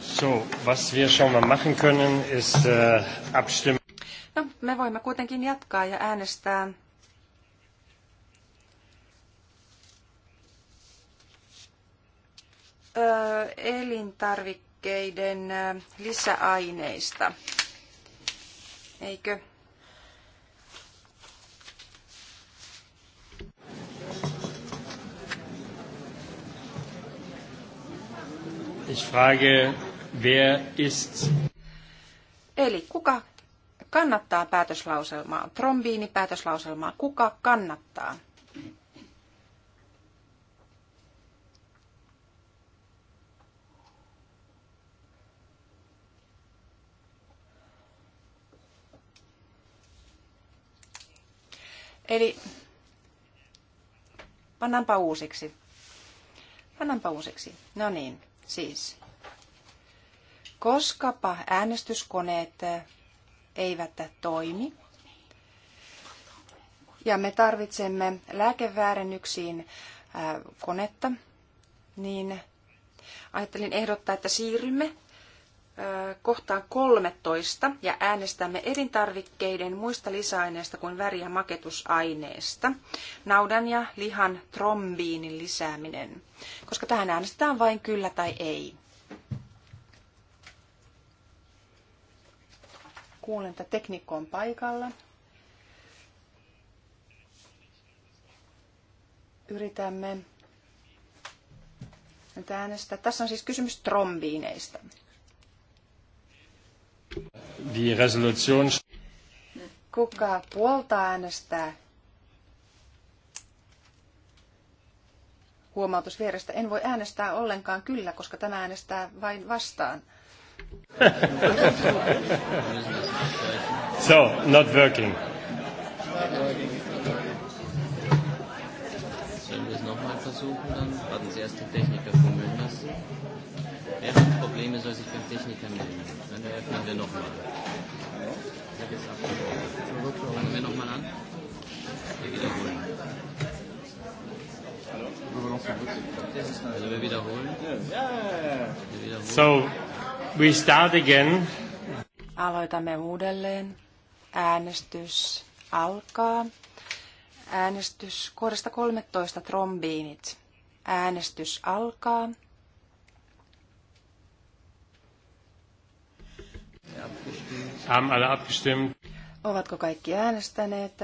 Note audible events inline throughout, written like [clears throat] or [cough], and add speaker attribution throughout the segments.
Speaker 1: So, was wir schon mal machen können, ist äh, abstimmen.
Speaker 2: No, me voimme kuitenkin jatkaa ja äänestää elintarvikkeiden lisäaineista. Eikö?
Speaker 1: Ich frage, wer ist...
Speaker 2: Eli kuka kannattaa päätöslauselmaa? Trombiini päätöslauselmaa. Kuka kannattaa? Eli pannaanpa uusiksi. Pannaanpa uusiksi. No niin. Siis, koskapa äänestyskoneet eivät toimi, ja me tarvitsemme lääkeväärennyksiin konetta, niin ajattelin ehdottaa, että siirrymme kohtaan 13 ja äänestämme elintarvikkeiden muista lisäaineista kuin väri- ja maketusaineesta. Naudan ja lihan trombiinin lisääminen, koska tähän äänestetään vain kyllä tai ei. Kuulen, että teknikko on paikalla. Yritämme nyt äänestää. Tässä on siis kysymys trombiineista.
Speaker 1: Resolution...
Speaker 2: Kuka puolta äänestää? Huomautus vierestä. En voi äänestää ollenkaan kyllä, koska tämä äänestää vain vastaan.
Speaker 1: so, not working. Sollen wir es nochmal versuchen dann? Warten Sie erst den Techniker von Müllers. Wer hat Probleme, soll sich beim Techniker melden. Dann eröffnen wir nochmal. Fangen wir nochmal an. Wir wiederholen. Also wir wiederholen.
Speaker 2: Wir
Speaker 1: wiederholen. So, we start again.
Speaker 2: Aloitamme uudelleen. Äänestys alkaa. Äänestys kohdasta 13 trombiinit. Äänestys alkaa.
Speaker 1: Haben abgestimmt?
Speaker 2: Ovatko kaikki äänestäneet?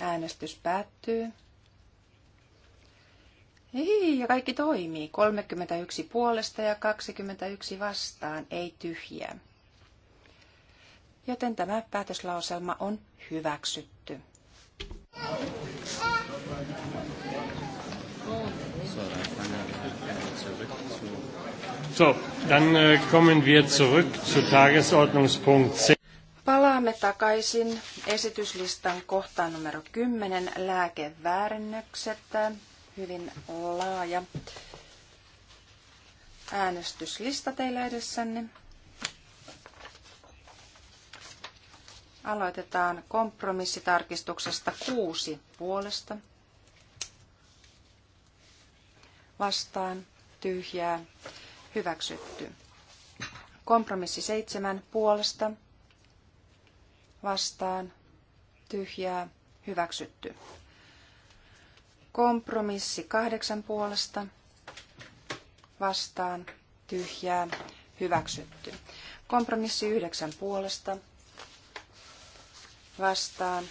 Speaker 2: Äänestys päättyy. Ei, ja kaikki toimii. 31 puolesta ja 21 vastaan, ei tyhjää. Joten tämä päätöslauselma on hyväksytty.
Speaker 1: Suoraan, So, dann äh, kommen wir zurück zu Tagesordnungspunkt 10.
Speaker 2: Palaamme takaisin esityslistan kohtaan numero 10, lääkeväärennökset, hyvin laaja äänestyslista teillä edessänne. Aloitetaan kompromissitarkistuksesta kuusi puolesta. Vastaan tyhjää hyväksytty. Kompromissi seitsemän puolesta vastaan tyhjää hyväksytty. Kompromissi kahdeksan puolesta vastaan tyhjää hyväksytty. Kompromissi yhdeksän puolesta vastaan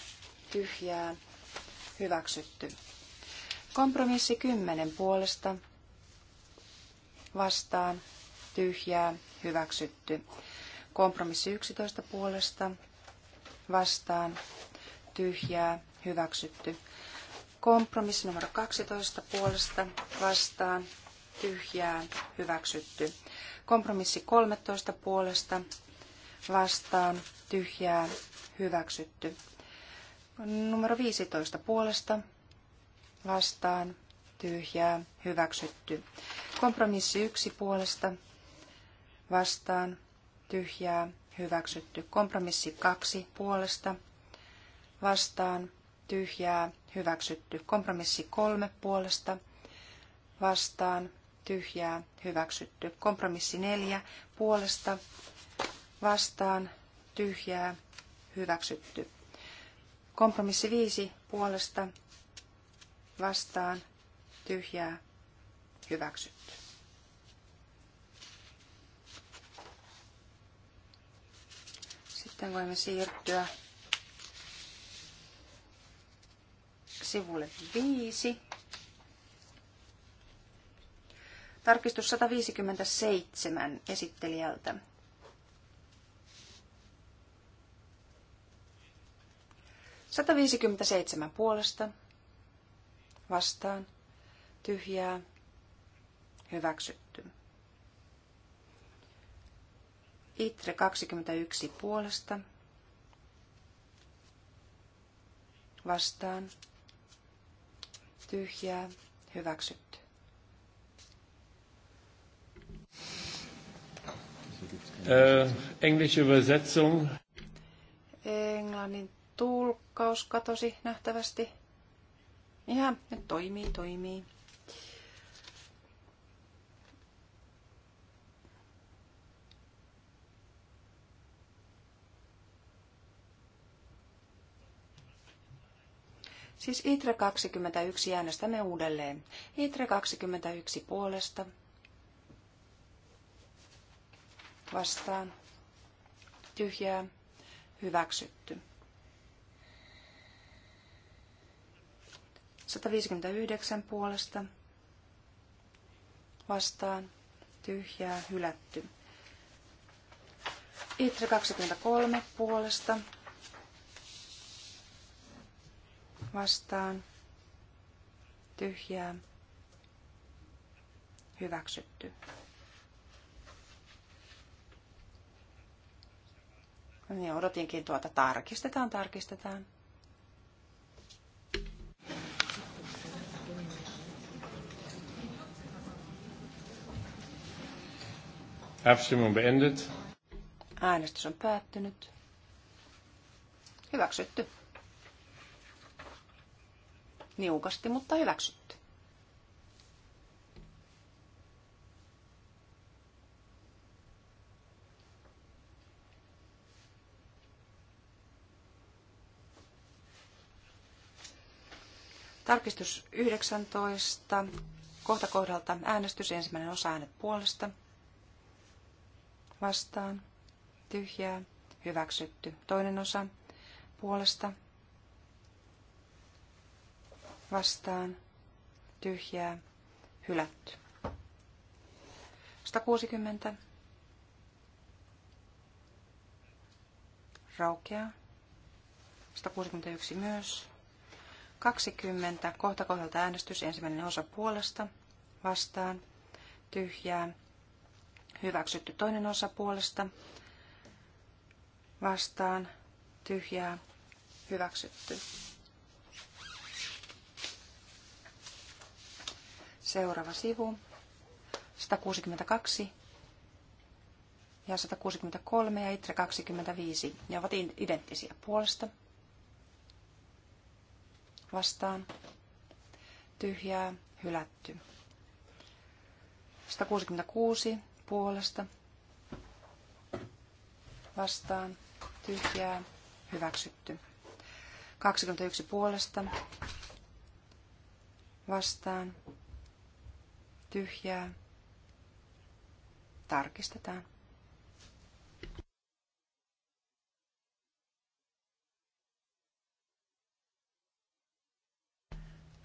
Speaker 2: tyhjää hyväksytty. Kompromissi kymmenen puolesta vastaan, tyhjää, hyväksytty. Kompromissi 11 puolesta, vastaan, tyhjää, hyväksytty. Kompromissi numero 12 puolesta, vastaan, tyhjää, hyväksytty. Kompromissi 13 puolesta, vastaan, tyhjää, hyväksytty. Numero 15 puolesta, vastaan, tyhjää, hyväksytty. Kompromissi yksi puolesta vastaan tyhjää hyväksytty. Kompromissi kaksi puolesta vastaan tyhjää hyväksytty. Kompromissi kolme puolesta vastaan tyhjää hyväksytty. Kompromissi neljä puolesta vastaan tyhjää hyväksytty. Kompromissi viisi puolesta vastaan tyhjää hyväksytty. Sitten voimme siirtyä sivulle 5. Tarkistus 157 esittelijältä. Sataviisikymmentäseitsemän puolesta vastaan tyhjää Hyväksytty. Itre 21 puolesta. Vastaan. Tyhjää. Hyväksytty.
Speaker 1: Äh, englische Übersetzung.
Speaker 2: Englannin tulkkaus katosi nähtävästi. Ihan, nyt toimii, toimii. Siis ITRE 21 äänestämme uudelleen. ITRE 21 puolesta. Vastaan. Tyhjää. Hyväksytty. 159 puolesta. Vastaan. Tyhjää. Hylätty. ITRE 23 puolesta vastaan tyhjää hyväksytty. Niin, odotinkin tuota. Tarkistetaan, tarkistetaan.
Speaker 1: Abstimmung beendet.
Speaker 2: Äänestys on päättynyt. Hyväksytty. Niukasti, mutta hyväksytty. Tarkistus 19. Kohta kohdalta äänestys ensimmäinen osa äänet puolesta. Vastaan. Tyhjää. Hyväksytty. Toinen osa puolesta vastaan, tyhjää, hylätty. 160. Raukea. 161 myös. 20. Kohta kohdalta äänestys ensimmäinen osa puolesta. Vastaan. Tyhjää. Hyväksytty toinen osa puolesta. Vastaan. Tyhjää. Hyväksytty. Seuraava sivu. 162 ja 163 ja itse 25. Ne ovat identtisiä puolesta. Vastaan. Tyhjää. Hylätty. 166 puolesta. Vastaan. Tyhjää. Hyväksytty. 21 puolesta. Vastaan tyhjää. Tarkistetaan.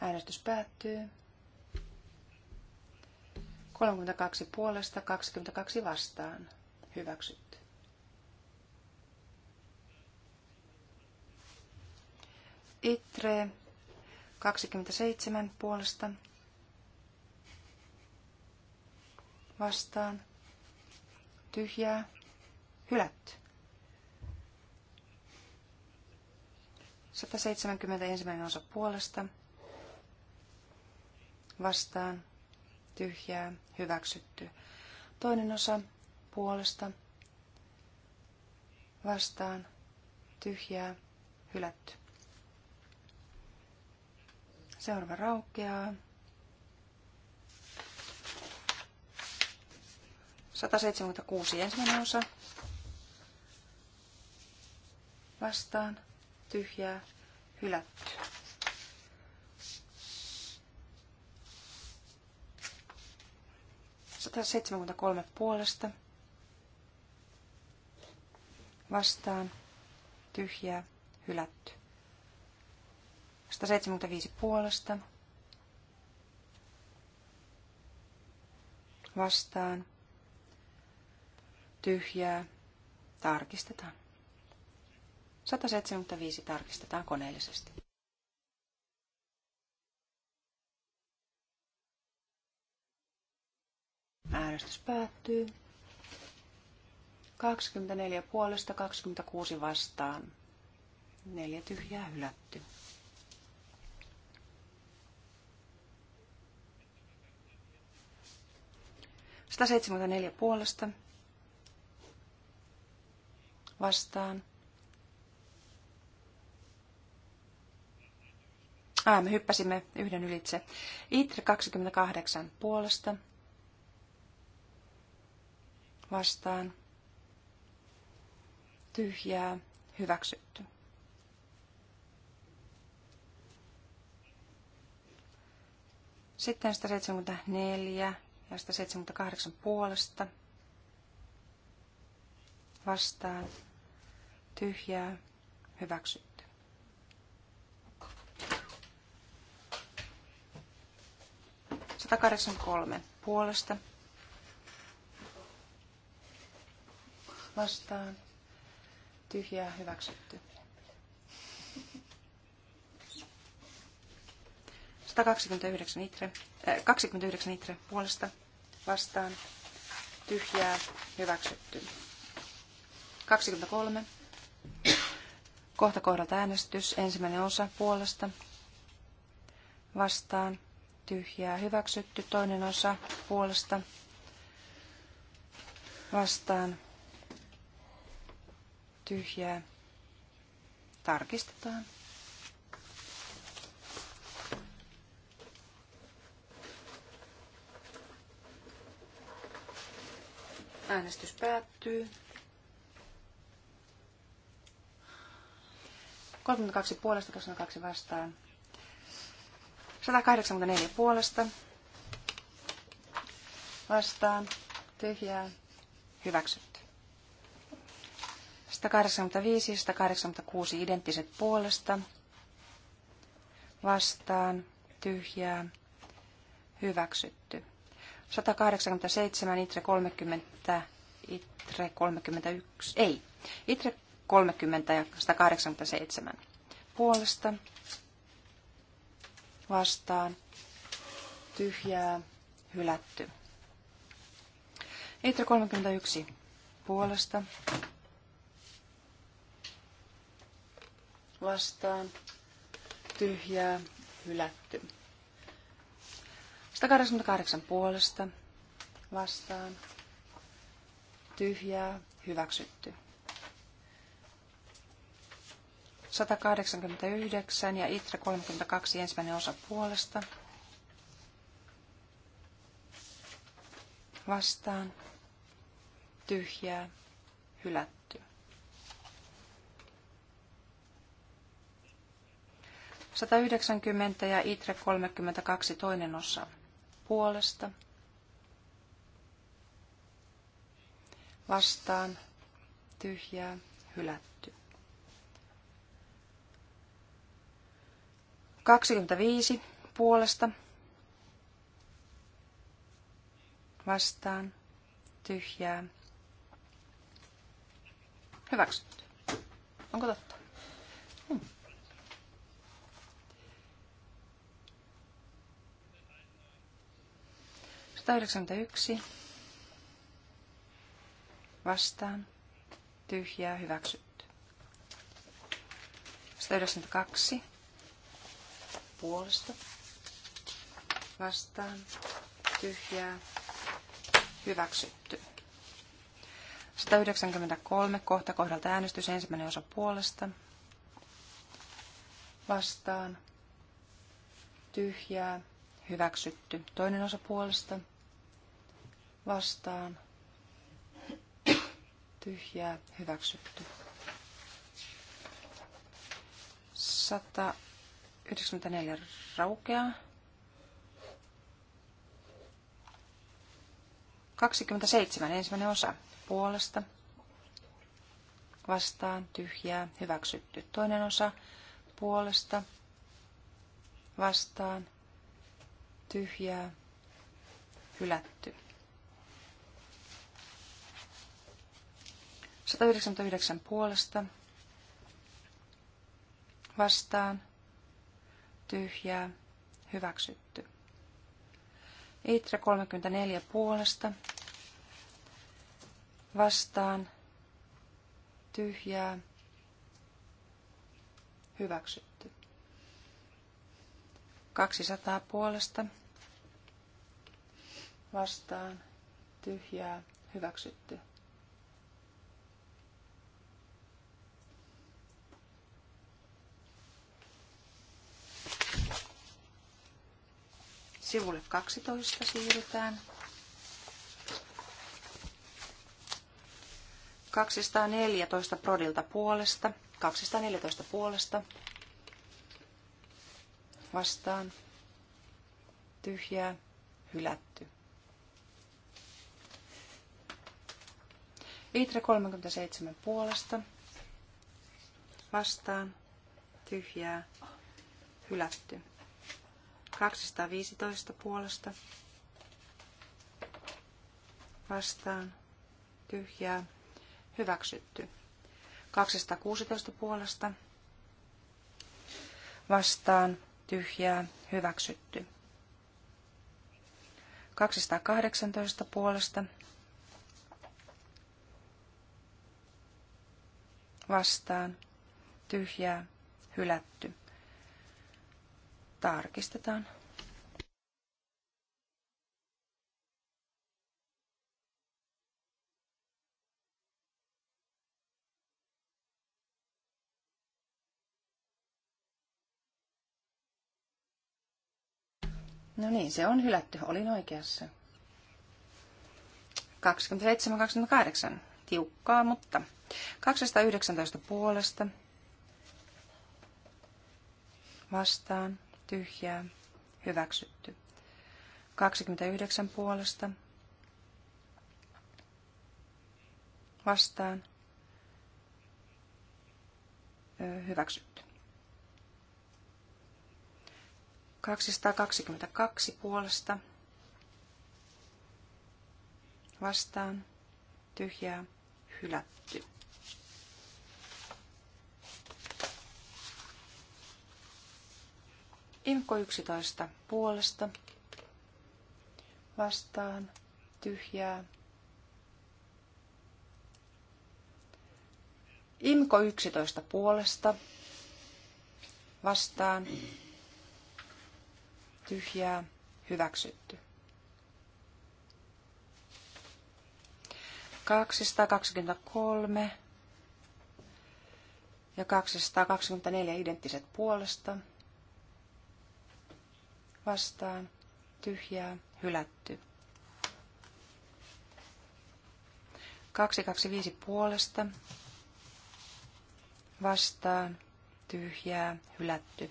Speaker 2: Äänestys päättyy. 32 puolesta, 22 vastaan. Hyväksytty. Itre 27 puolesta vastaan, tyhjää, hylätty. 171. osa puolesta, vastaan, tyhjää, hyväksytty. Toinen osa puolesta, vastaan, tyhjää, hylätty. Seuraava raukeaa. 176 ensimmäinen osa. Vastaan. Tyhjää. Hylätty. kolme puolesta. Vastaan. Tyhjää. Hylätty. 175 puolesta. Vastaan tyhjää, tarkistetaan. 175 tarkistetaan koneellisesti. Äänestys päättyy. 24 puolesta 26 vastaan. Neljä tyhjää hylätty. Sataseitsemänkymmentäneljä puolesta vastaan. Ah, me hyppäsimme yhden ylitse. Itre 28 puolesta. Vastaan. Tyhjää. Hyväksytty. Sitten 174 ja 178 puolesta. Vastaan tyhjää, hyväksytty. kolme puolesta vastaan tyhjää hyväksytty. 129 itre, äh, 29 itre puolesta vastaan tyhjää hyväksytty. 23 Kohta kohdalta äänestys. Ensimmäinen osa puolesta. Vastaan. Tyhjää hyväksytty. Toinen osa puolesta. Vastaan. Tyhjää. Tarkistetaan. Äänestys päättyy. 32 puolesta, 22 vastaan. 184 puolesta. Vastaan. Tyhjää. Hyväksytty. 185 ja 186 identtiset puolesta. Vastaan. Tyhjää. Hyväksytty. 187, ITRE 30, ITRE 31, ei. ITRE 30 ja 187 puolesta vastaan tyhjää hylätty. Eitra 31 puolesta vastaan tyhjää hylätty. 188 puolesta vastaan tyhjää hyväksytty. 189 ja Itra 32 ensimmäinen osa puolesta. Vastaan. Tyhjää. Hylätty. 190 ja ITRE 32 toinen osa puolesta. Vastaan. Tyhjää. Hylätty. 25 puolesta vastaan tyhjää. Hyväksytty. Onko totta? Hmm. yksi vastaan tyhjää hyväksytty. 192 puolesta vastaan tyhjää hyväksytty. 193 kohta kohdalta äänestys ensimmäinen osa puolesta vastaan tyhjää hyväksytty. Toinen osa puolesta vastaan tyhjää hyväksytty. 100 94 raukeaa. 27 ensimmäinen osa puolesta. Vastaan tyhjää hyväksytty. Toinen osa puolesta. Vastaan tyhjää hylätty. 199 puolesta vastaan tyhjää, hyväksytty. Itra 34 puolesta, vastaan, tyhjää, hyväksytty. 200 puolesta, vastaan, tyhjää, hyväksytty. Sivulle 12 siirrytään. 214 Prodilta puolesta. 214 puolesta. Vastaan. Tyhjää. Hylätty. Itre 37 puolesta. Vastaan. Tyhjää. Hylätty. 215 puolesta vastaan tyhjää hyväksytty. 216 puolesta vastaan tyhjää hyväksytty. 218 puolesta vastaan tyhjää hylätty. Tarkistetaan. No niin, se on hylätty. Olin oikeassa. 27-28. Tiukkaa, mutta 219 puolesta vastaan tyhjää, hyväksytty. 29 puolesta, vastaan, hyväksytty. 222 puolesta, vastaan, tyhjää, hylätty. Imko 11 puolesta vastaan tyhjää. Inko 11 puolesta vastaan tyhjää hyväksytty. 223 ja 224 identtiset puolesta vastaan tyhjää hylätty. 225 puolesta vastaan tyhjää hylätty.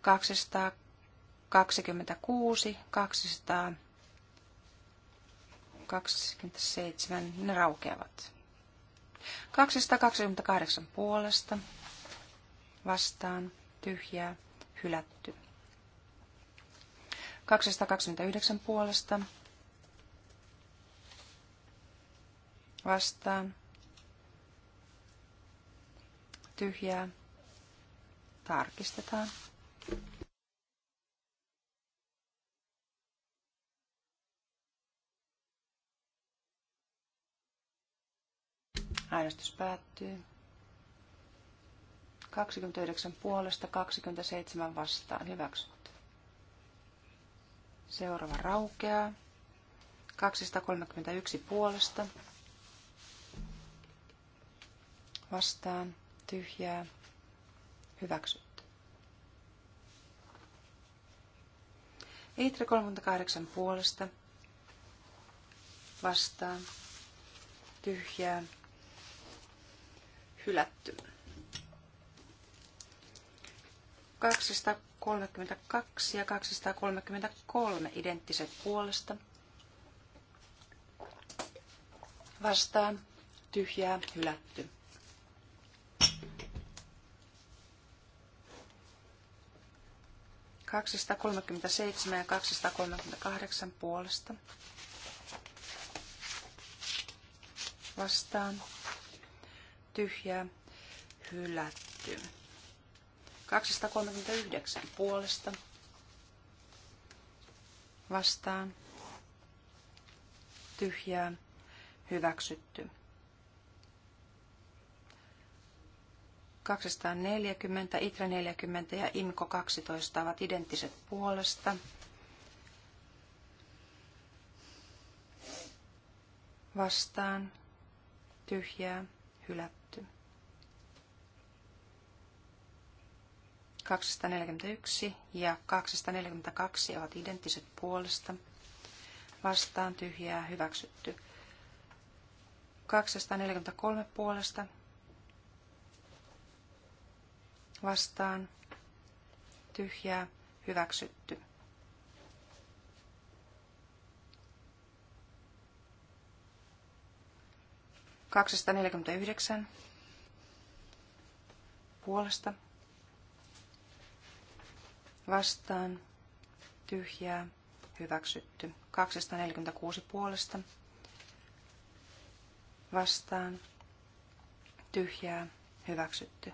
Speaker 2: 226, 227, ne raukeavat. 228 puolesta vastaan tyhjää hylätty. 229 puolesta vastaan tyhjää tarkistetaan. Äänestys päättyy. 29 puolesta, 27 vastaan. Hyväksy. Seuraava raukeaa. 231 puolesta. Vastaan. Tyhjää. Hyväksytty. Itre 38 puolesta. Vastaan. Tyhjää. Hylätty. 232 ja 233 identtiset puolesta. Vastaan tyhjää hylätty. seitsemän ja kaksista kahdeksan puolesta. Vastaan tyhjää hylätty. 239 puolesta vastaan tyhjää hyväksytty. 240, Itra 40 ja Imko 12 ovat identtiset puolesta. Vastaan tyhjää hylätty. 241 ja 242 ovat identtiset puolesta. Vastaan tyhjää hyväksytty. 243 puolesta. Vastaan tyhjää hyväksytty. 249 puolesta vastaan, tyhjää, hyväksytty. 246 puolesta vastaan, tyhjää, hyväksytty.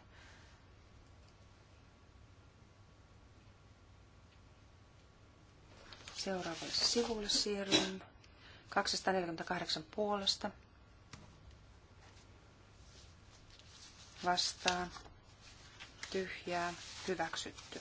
Speaker 2: Seuraavalle sivulle siirrymme. 248 puolesta vastaan, tyhjää, hyväksytty.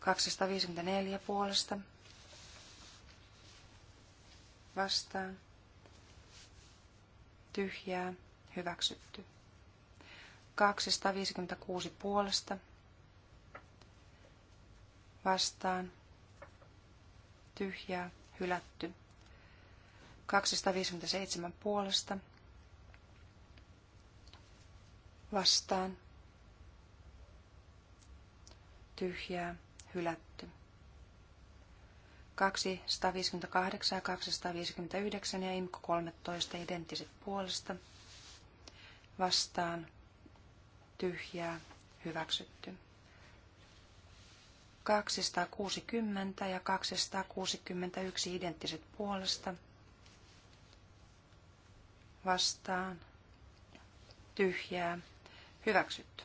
Speaker 2: 254 puolesta vastaan tyhjää hyväksytty. 256 puolesta vastaan tyhjää hylätty. 257 puolesta vastaan tyhjää hylätty. 158 ja 259 ja IMKO 13 identtiset puolesta vastaan tyhjää hyväksytty. 260 ja 261 identtiset puolesta vastaan tyhjää hyväksytty.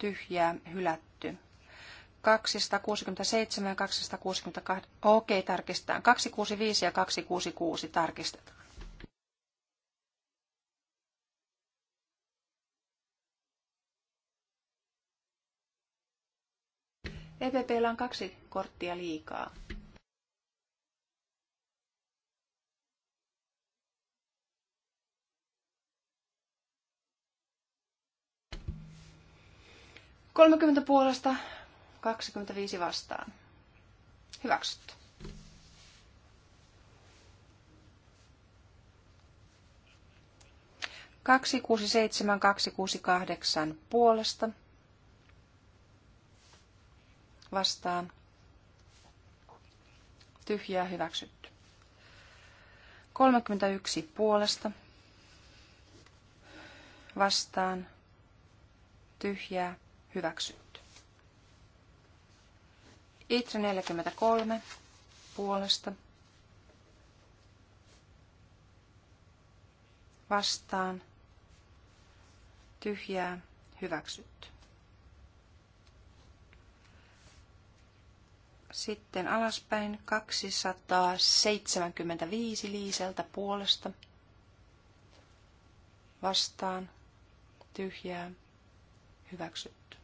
Speaker 2: tyhjää hylätty. 267 ja 268, okei tarkistetaan. 265 ja 266 tarkistetaan. EPPllä on kaksi korttia liikaa. 30 puolesta, 25 vastaan. Hyväksytty. Kaksi kuusi seitsemän, kaksi kuusi kahdeksan puolesta. Vastaan. Tyhjää hyväksytty. 31 puolesta. Vastaan. Tyhjää hyväksytty. Itre 43 puolesta vastaan tyhjää hyväksytty. Sitten alaspäin 275 liiseltä puolesta vastaan tyhjää hyväksytty.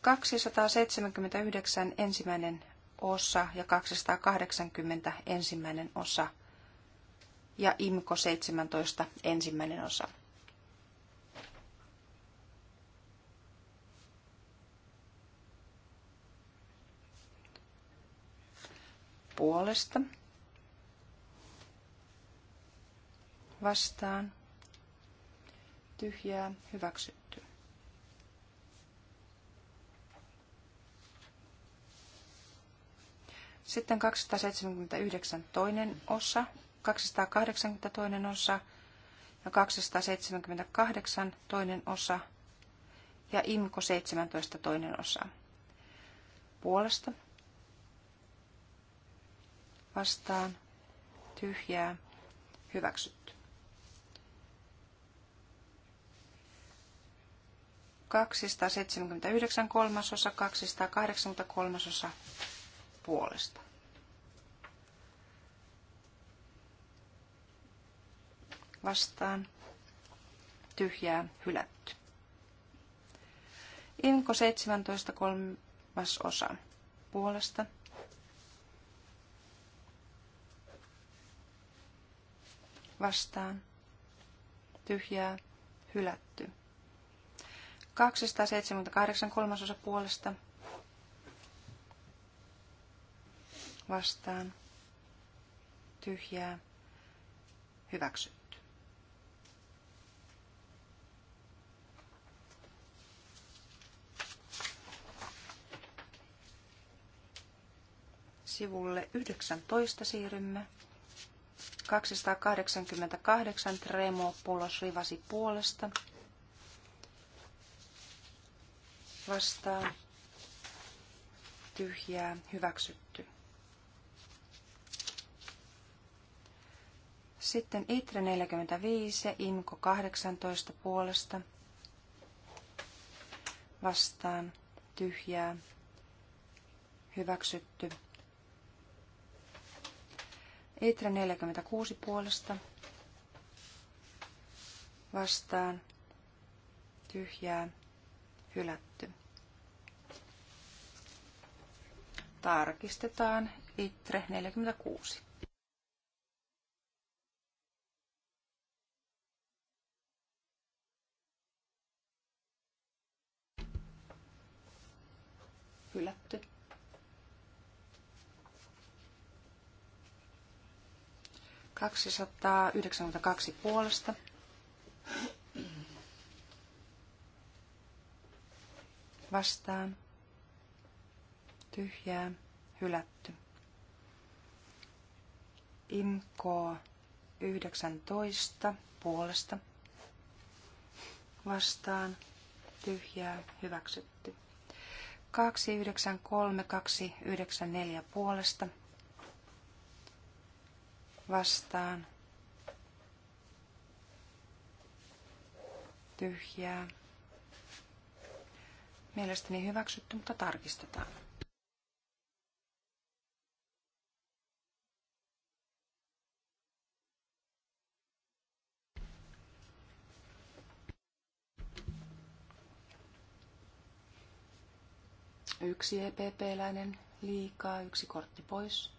Speaker 2: 279 ensimmäinen osa ja 280 ensimmäinen osa ja IMKO 17 ensimmäinen osa. Puolesta. Vastaan. Tyhjää. Hyväksy, Sitten 279 toinen osa, 280 toinen osa ja 278 toinen osa ja IMKO 17 toinen osa. Puolesta vastaan tyhjää hyväksytty. 279 kolmasosa, 283 osa puolesta. Vastaan. Tyhjää hylätty. Inko 17 kolmas osa puolesta. Vastaan. Tyhjää hylätty. 278 kolmasosa puolesta vastaan tyhjää Hyväksy. Sivulle 19 siirrymme. 288 Tremo Polos Rivasi puolesta vastaan tyhjää hyväksytty. Sitten ITRE 45, ja IMKO 18 puolesta vastaan tyhjää hyväksytty. ITRE 46 puolesta vastaan tyhjää hylätty. Tarkistetaan ITRE 46. hylätty. Kaksisataa yhdeksänkymmentäkaksi puolesta. Vastaan. Tyhjää. Hylätty. Imko 19 puolesta vastaan tyhjää hyväksytty. 293294 puolesta vastaan. Tyhjää. Mielestäni hyväksytty, mutta tarkistetaan. Yksi EPP-läinen liikaa, yksi kortti pois.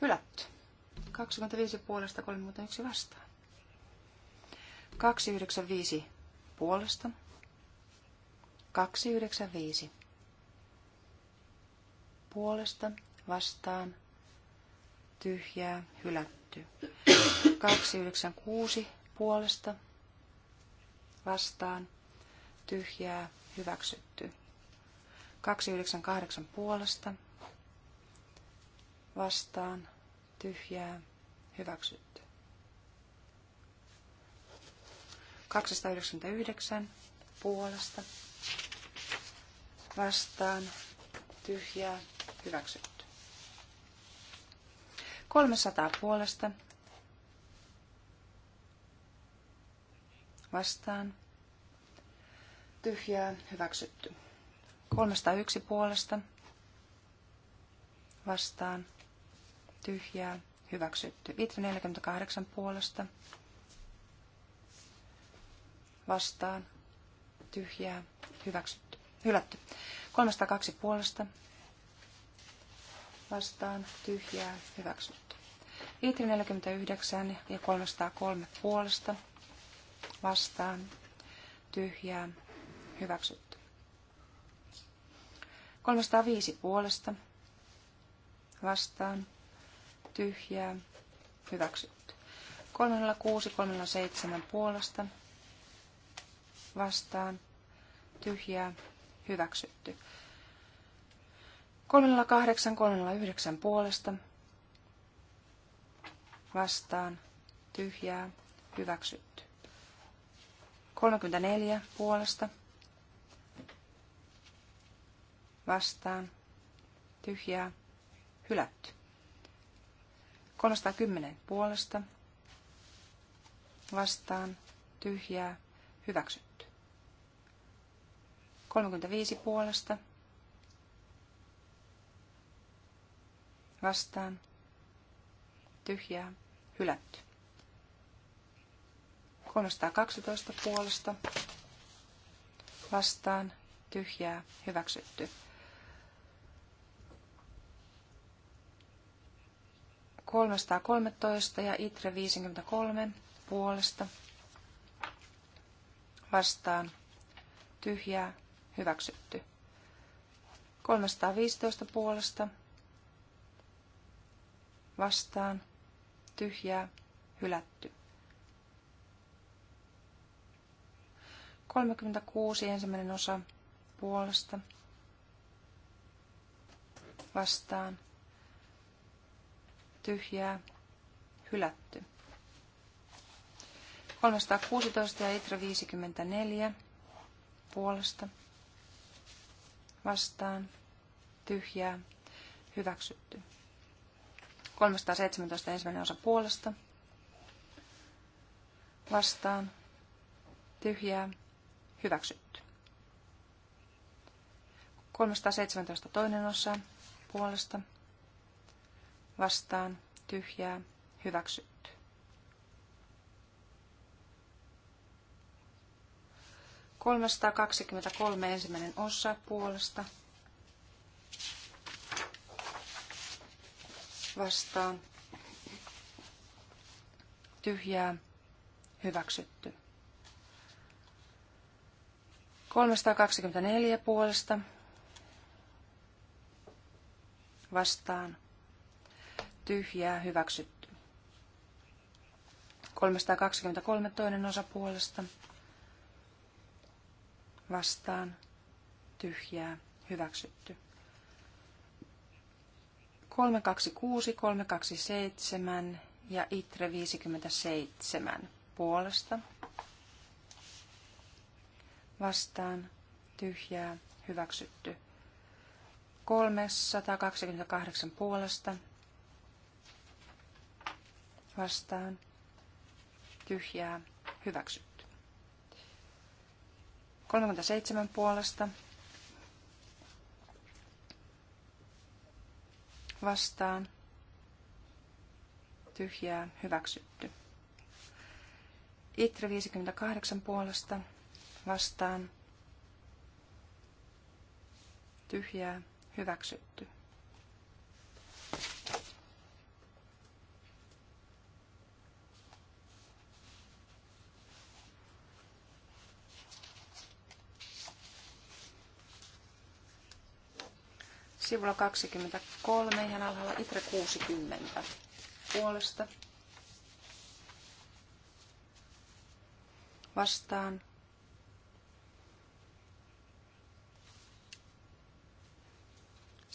Speaker 2: Hylätty. 25 puolesta, 31 vastaan. 295 puolesta. 295 puolesta vastaan tyhjää hylätty. 296 puolesta vastaan, tyhjää, hyväksytty. 298 puolesta, vastaan, tyhjää, hyväksytty. 299 puolesta, vastaan, tyhjää, hyväksytty. 300 puolesta, vastaan. Tyhjää hyväksytty. 301 puolesta vastaan. Tyhjää hyväksytty. 548 puolesta vastaan. Tyhjää hyväksytty. Hylätty. 302 puolesta vastaan. Tyhjää hyväksytty. 549 ja 303 puolesta vastaan, tyhjää, hyväksytty. 305 puolesta, vastaan, tyhjää, hyväksytty. 306, 307 puolesta, vastaan, tyhjää, hyväksytty. 308, 309 puolesta, vastaan, tyhjää, hyväksytty. 34 puolesta vastaan tyhjää hylätty. 310 puolesta vastaan tyhjää hyväksytty. 35 puolesta vastaan tyhjää hylätty. 312 puolesta vastaan tyhjää hyväksytty. 313 ja ITRE 53 puolesta vastaan tyhjää hyväksytty. 315 puolesta vastaan tyhjää hylätty. 36 ensimmäinen osa puolesta vastaan tyhjää hylätty. 316 ja Itra 54 puolesta vastaan tyhjää hyväksytty. 317 ensimmäinen osa puolesta vastaan tyhjää Hyväksytty. 317 toinen osa puolesta vastaan tyhjää hyväksytty. Kolmesta ensimmäinen osa puolesta vastaan tyhjää hyväksytty. 324 puolesta vastaan tyhjää hyväksytty. 323 toinen osa puolesta vastaan tyhjää hyväksytty. 326, 327 ja ITRE 57 puolesta vastaan tyhjää hyväksytty. 328 puolesta vastaan tyhjää hyväksytty. 37 puolesta vastaan tyhjää hyväksytty. Itre 58 puolesta vastaan tyhjää hyväksytty. sivulla 23 ja alhaalla ITRE 60 puolesta vastaan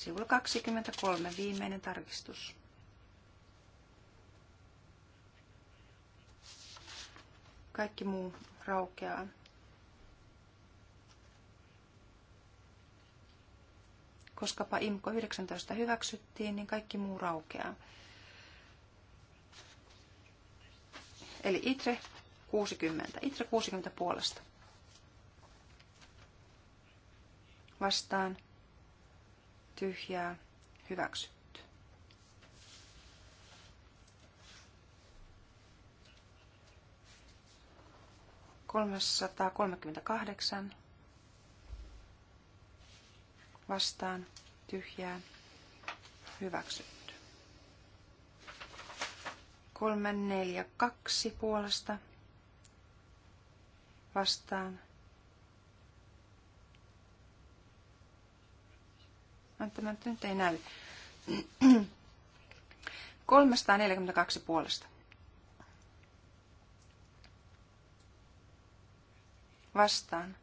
Speaker 2: Sivulla 23 viimeinen tarkistus. Kaikki muu raukeaa. Koskapa IMKO 19 hyväksyttiin, niin kaikki muu raukeaa. Eli ITRE 60. ITRE 60 puolesta. Vastaan tyhjää, hyväksytty. Kolmessataa kolmekymmentäkahdeksan vastaan, tyhjää, hyväksytty. Kolme, neljä, kaksi puolesta vastaan, Tämä nyt ei näy. 342 [clears throat] puolesta. Vastaan.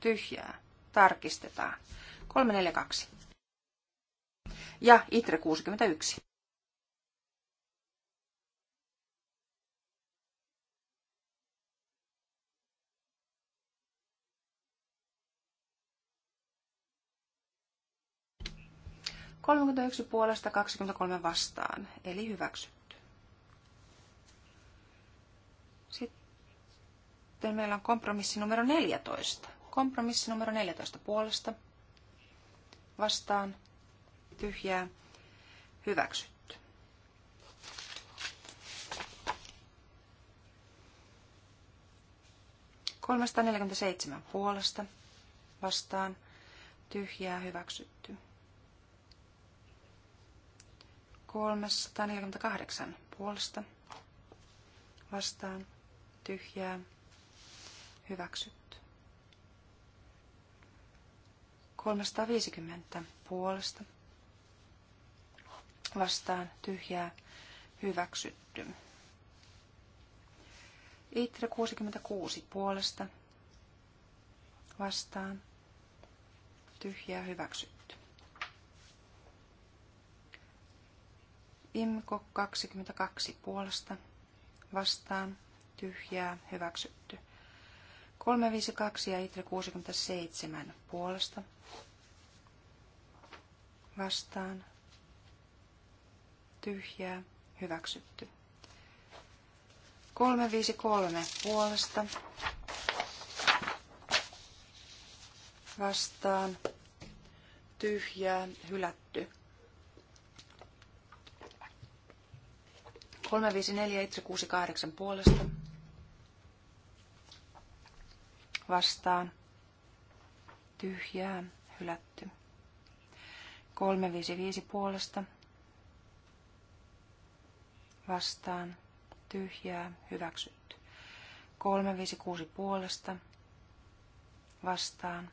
Speaker 2: Tyhjää. Tarkistetaan. 342. Ja ITRE 61. 31 puolesta 23 vastaan, eli hyväksytty. Sitten meillä on kompromissi numero 14. Kompromissi numero 14 puolesta vastaan, tyhjää, hyväksytty. Kolmesta puolesta vastaan, tyhjää, hyväksytty. 348 puolesta vastaan tyhjää hyväksytty. 350 puolesta vastaan tyhjää hyväksytty. Itre 66 puolesta vastaan tyhjää hyväksytty. Imko 22 puolesta vastaan tyhjää hyväksytty. 352 ja Itre 67 puolesta vastaan tyhjää hyväksytty. 353 puolesta vastaan tyhjää hylätty. 354 Itse 68 puolesta. Vastaan. Tyhjää. Hylätty. 355 puolesta. Vastaan. Tyhjää. Hyväksytty. 356 puolesta. Vastaan.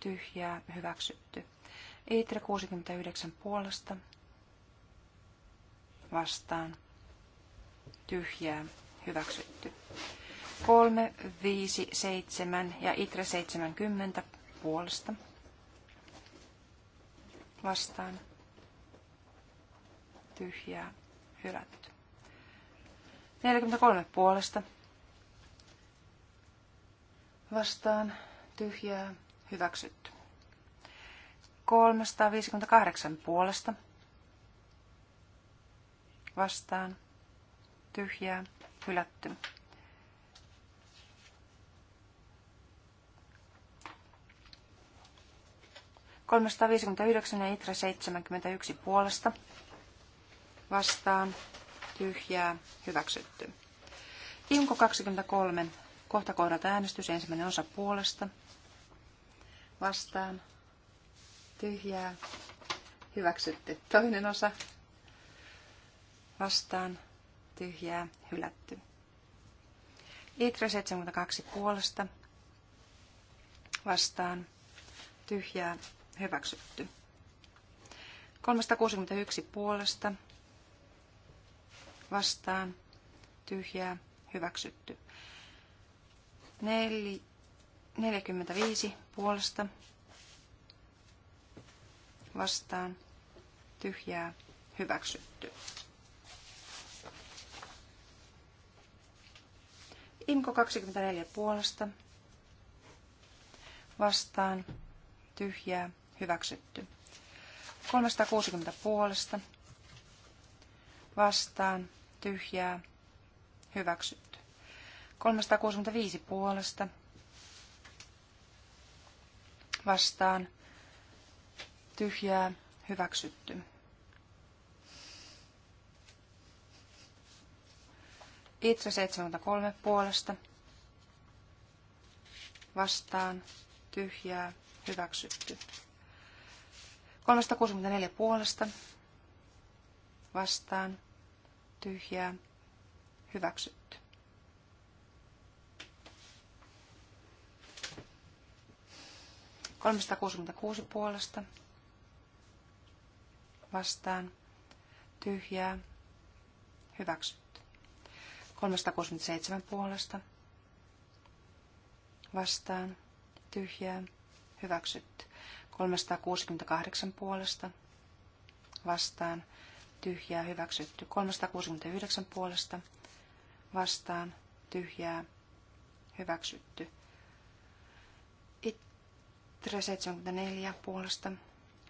Speaker 2: Tyhjää. Hyväksytty. Itre 69 puolesta vastaan, tyhjää hyväksytty. 3, 5, 7 ja itre 70 puolesta vastaan tyhjää hylätty. 43 puolesta vastaan tyhjää hyväksytty. 358 puolesta vastaan tyhjää, hylätty. Kolmesta ja itra 71 puolesta vastaan tyhjää hyväksytty. Inko 23 kohta kohdata äänestys ensimmäinen osa puolesta vastaan tyhjää hyväksytty toinen osa vastaan tyhjää, hylätty. Itra 72 puolesta vastaan tyhjää, hyväksytty. 361 puolesta vastaan tyhjää, hyväksytty. 45 puolesta vastaan tyhjää, hyväksytty. Imko 24 puolesta. Vastaan. Tyhjää. Hyväksytty. 360 puolesta. Vastaan. Tyhjää. Hyväksytty. 365 puolesta. Vastaan. Tyhjää. Hyväksytty. Itse 73 puolesta vastaan tyhjää hyväksytty. 364 puolesta vastaan tyhjää hyväksytty. Kolmesta kuusi puolesta vastaan tyhjää hyväksytty. 367 puolesta. Vastaan. Tyhjää. Hyväksytty. 368 puolesta. Vastaan. Tyhjää. Hyväksytty. 369 puolesta. Vastaan. Tyhjää. Hyväksytty. Itre 74 puolesta.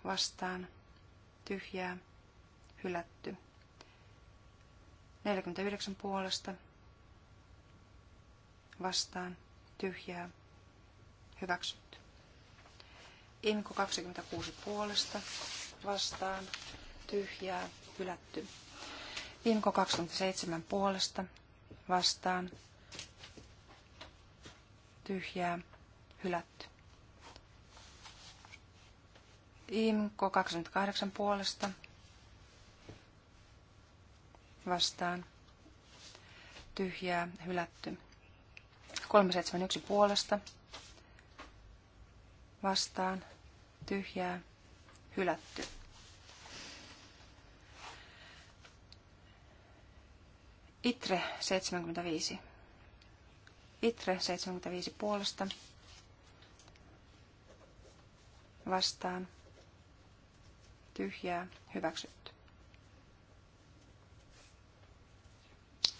Speaker 2: Vastaan. Tyhjää. Hylätty. 49 puolesta vastaan tyhjää hyväksytty. Imko 26 puolesta vastaan tyhjää hylätty. Imko 27 puolesta vastaan tyhjää hylätty. Imko 28 puolesta vastaan tyhjää hylätty. 371 puolesta vastaan tyhjää hylätty. Itre 75. Itre 75 puolesta vastaan tyhjää hyväksytty.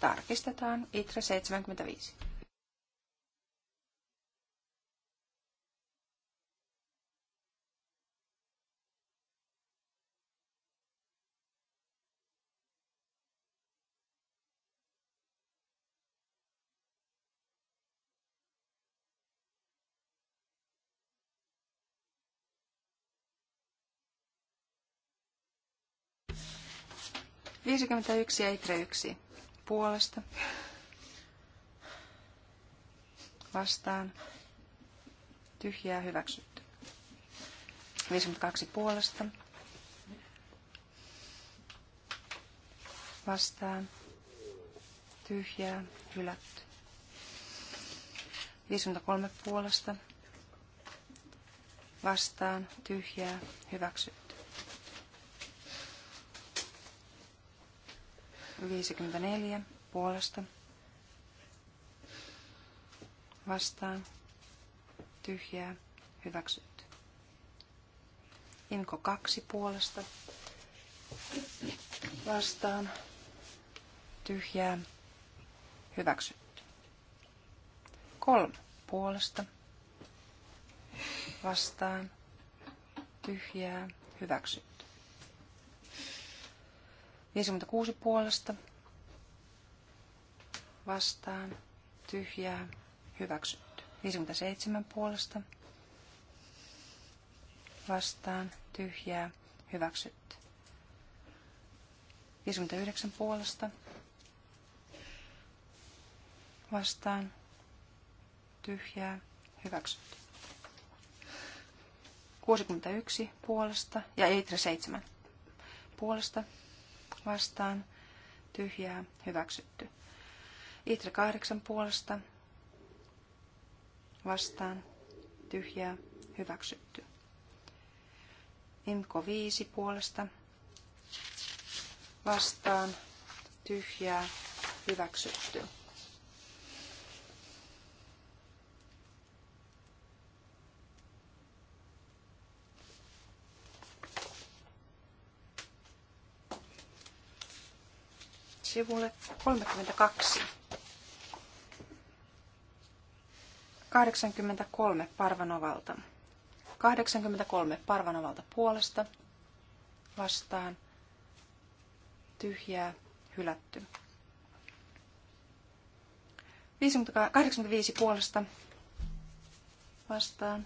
Speaker 2: Tarkistetaan ITRE 75. yksi ja ITRE yksi puolesta vastaan tyhjää hyväksytty. 52 puolesta vastaan tyhjää hylätty. 53 puolesta vastaan tyhjää hyväksytty. 54 puolesta vastaan tyhjää hyväksytty. Inko 2 puolesta vastaan tyhjää hyväksytty. 3 puolesta vastaan tyhjää hyväksytty. 56 puolesta vastaan tyhjää hyväksytty. 57 puolesta vastaan tyhjää hyväksytty. 59 puolesta vastaan tyhjää hyväksytty. 61 puolesta ja Eitre 7 puolesta vastaan, tyhjää, hyväksytty. Itre kahdeksan puolesta vastaan, tyhjää, hyväksytty. Imko viisi puolesta vastaan, tyhjää, hyväksytty. sivulle 32. 83 Parvanovalta. 83 Parvanovalta puolesta vastaan tyhjää hylätty. 85 puolesta vastaan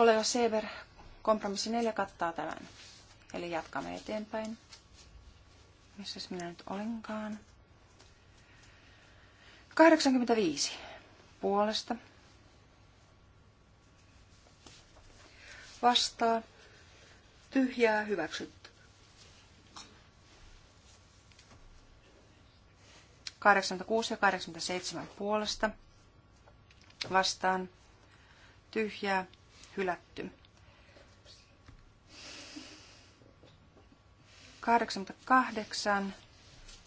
Speaker 2: Kollega Seber, kompromissi 4 kattaa tämän. Eli jatkamme eteenpäin. Missä minä nyt olenkaan? 85 puolesta. Vastaa. Tyhjää hyväksytty. 86 ja 87 puolesta. Vastaan. Tyhjää hylätty. 88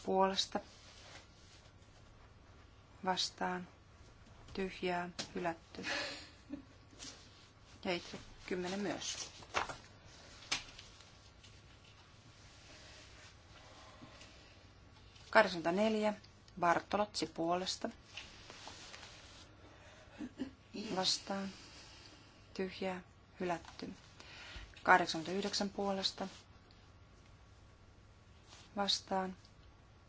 Speaker 2: puolesta vastaan tyhjää hylätty. Ja itse 10 myös. neljä Bartolotsi puolesta vastaan tyhjää, hylätty. 89 puolesta vastaan,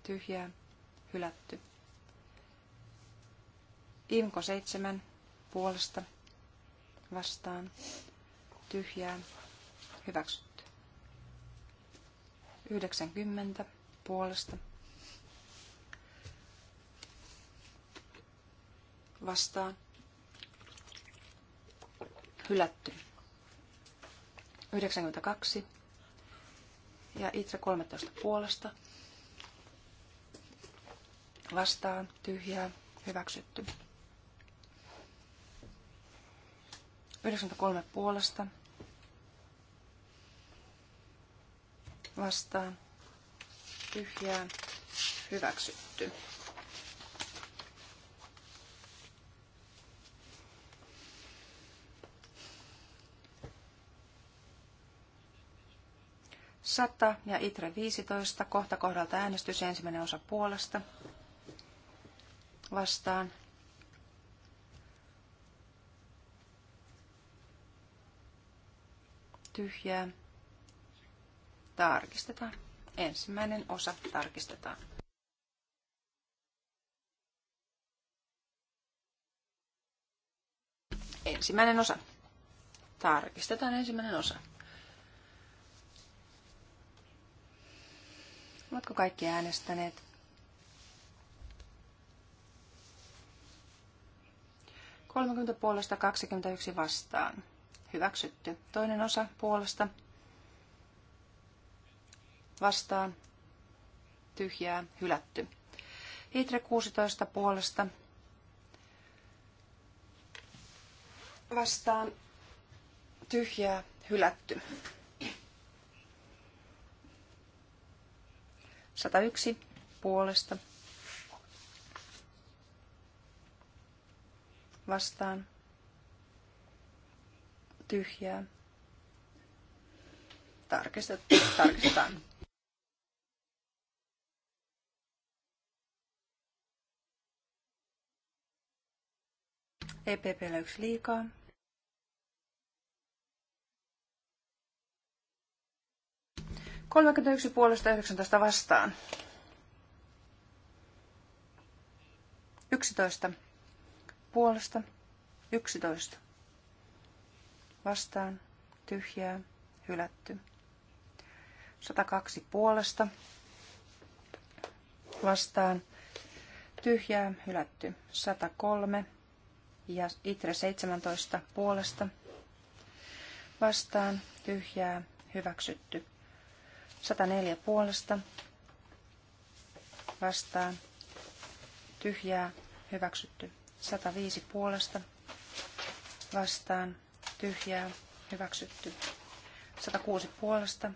Speaker 2: tyhjää, hylätty. Imko 7 puolesta vastaan, tyhjää, hyväksytty. 90 puolesta vastaan, hylätty. 92 ja itse 13 puolesta. Vastaan tyhjää hyväksytty. 93 puolesta. Vastaan tyhjää hyväksytty. 100 ja ITRE 15. Kohta kohdalta äänestys ensimmäinen osa puolesta. Vastaan. Tyhjää. Tarkistetaan. Ensimmäinen osa tarkistetaan. Ensimmäinen osa. Tarkistetaan ensimmäinen osa. Oletko kaikki äänestäneet? Kolmekymmentä puolesta 21 vastaan. Hyväksytty. Toinen osa puolesta vastaan. Tyhjää. Hylätty. Itre 16 puolesta vastaan. Tyhjää. Hylätty. 101 puolesta vastaan tyhjää. Tarkistetaan. Tarkistetaan. EPPllä yksi liikaa. 31 puolesta 19 vastaan. 11 puolesta 11 vastaan tyhjää hylätty. 102 puolesta vastaan tyhjää hylätty. 103 ja itre 17 puolesta vastaan tyhjää hyväksytty. 104 puolesta vastaan tyhjää hyväksytty. 105 puolesta vastaan tyhjää hyväksytty. 106 puolesta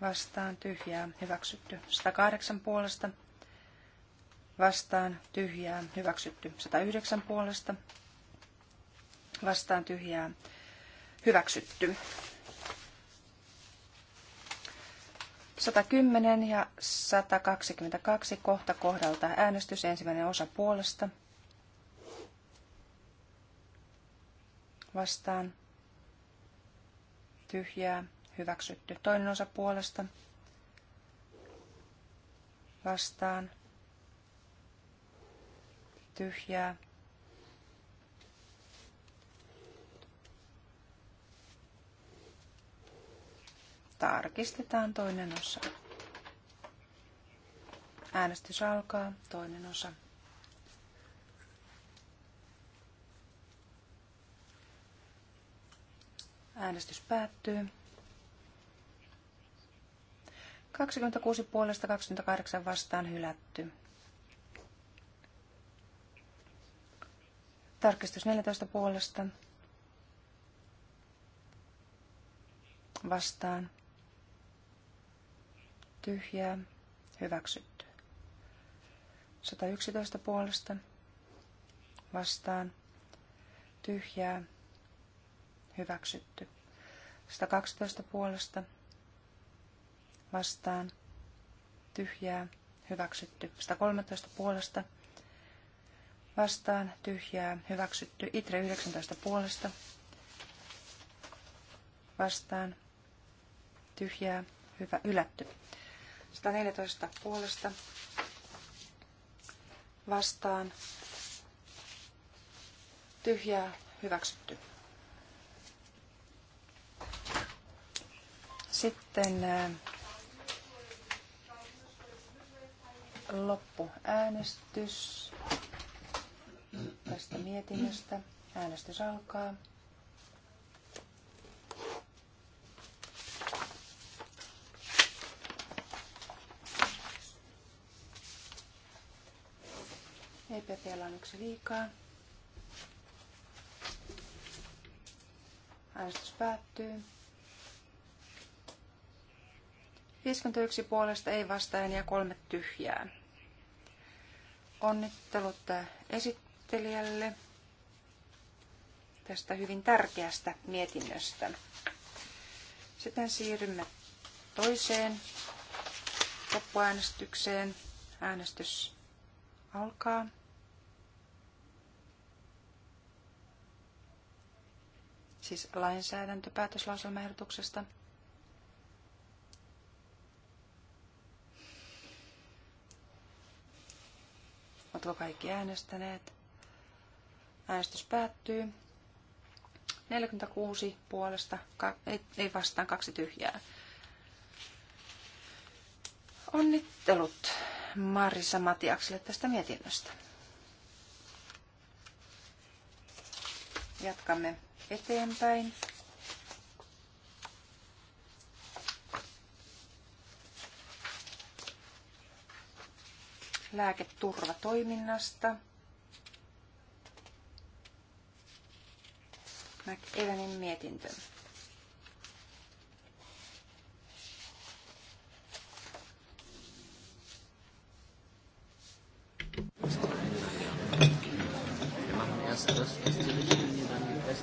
Speaker 2: vastaan tyhjää hyväksytty. 108 puolesta vastaan tyhjää hyväksytty. 109 puolesta vastaan tyhjää hyväksytty. 110 ja 122 kohta kohdalta äänestys ensimmäinen osa puolesta. Vastaan. Tyhjää. Hyväksytty. Toinen osa puolesta. Vastaan. Tyhjää. Tarkistetaan toinen osa. Äänestys alkaa, toinen osa. Äänestys päättyy. 26 puolesta 28 vastaan hylätty. Tarkistus 14 puolesta vastaan tyhjää, hyväksytty. 111 puolesta vastaan, tyhjää, hyväksytty. 112 puolesta vastaan, tyhjää, hyväksytty. 113 puolesta vastaan, tyhjää, hyväksytty. Itre 19 puolesta vastaan, tyhjää, hyvä, ylätty. 114 puolesta vastaan tyhjää hyväksytty. Sitten äh, loppuäänestys tästä mietinnöstä. Äänestys alkaa. EPPllä on yksi liikaa. Äänestys päättyy. 51 puolesta ei vastaan ja kolme tyhjää. Onnittelut esittelijälle tästä hyvin tärkeästä mietinnöstä. Sitten siirrymme toiseen loppuäänestykseen. Äänestys alkaa. siis lainsäädäntöpäätöslauselmaehdotuksesta. Oletko kaikki äänestäneet? Äänestys päättyy. 46 puolesta, ei vastaan, kaksi tyhjää. Onnittelut Marissa Matiakselle tästä mietinnöstä. Jatkamme eteenpäin. Lääketurvatoiminnasta. McEvanin mietintö.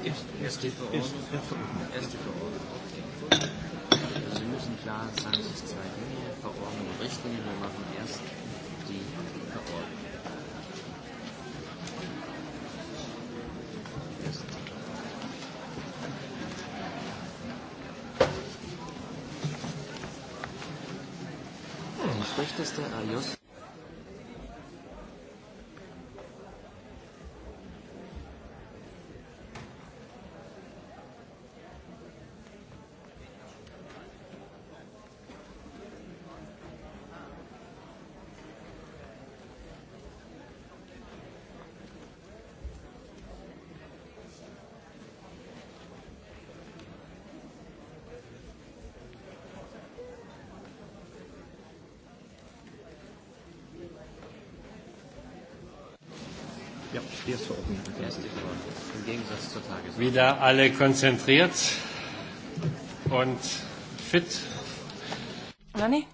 Speaker 1: Erst die müssen klar sagen, es ist zwei Dinge, Verordnung und Richtlinie. Wir machen erst die Verordnung. Hm. Gegensatz zur Tagesordnung. Wieder alle konzentriert und fit.
Speaker 2: No niin.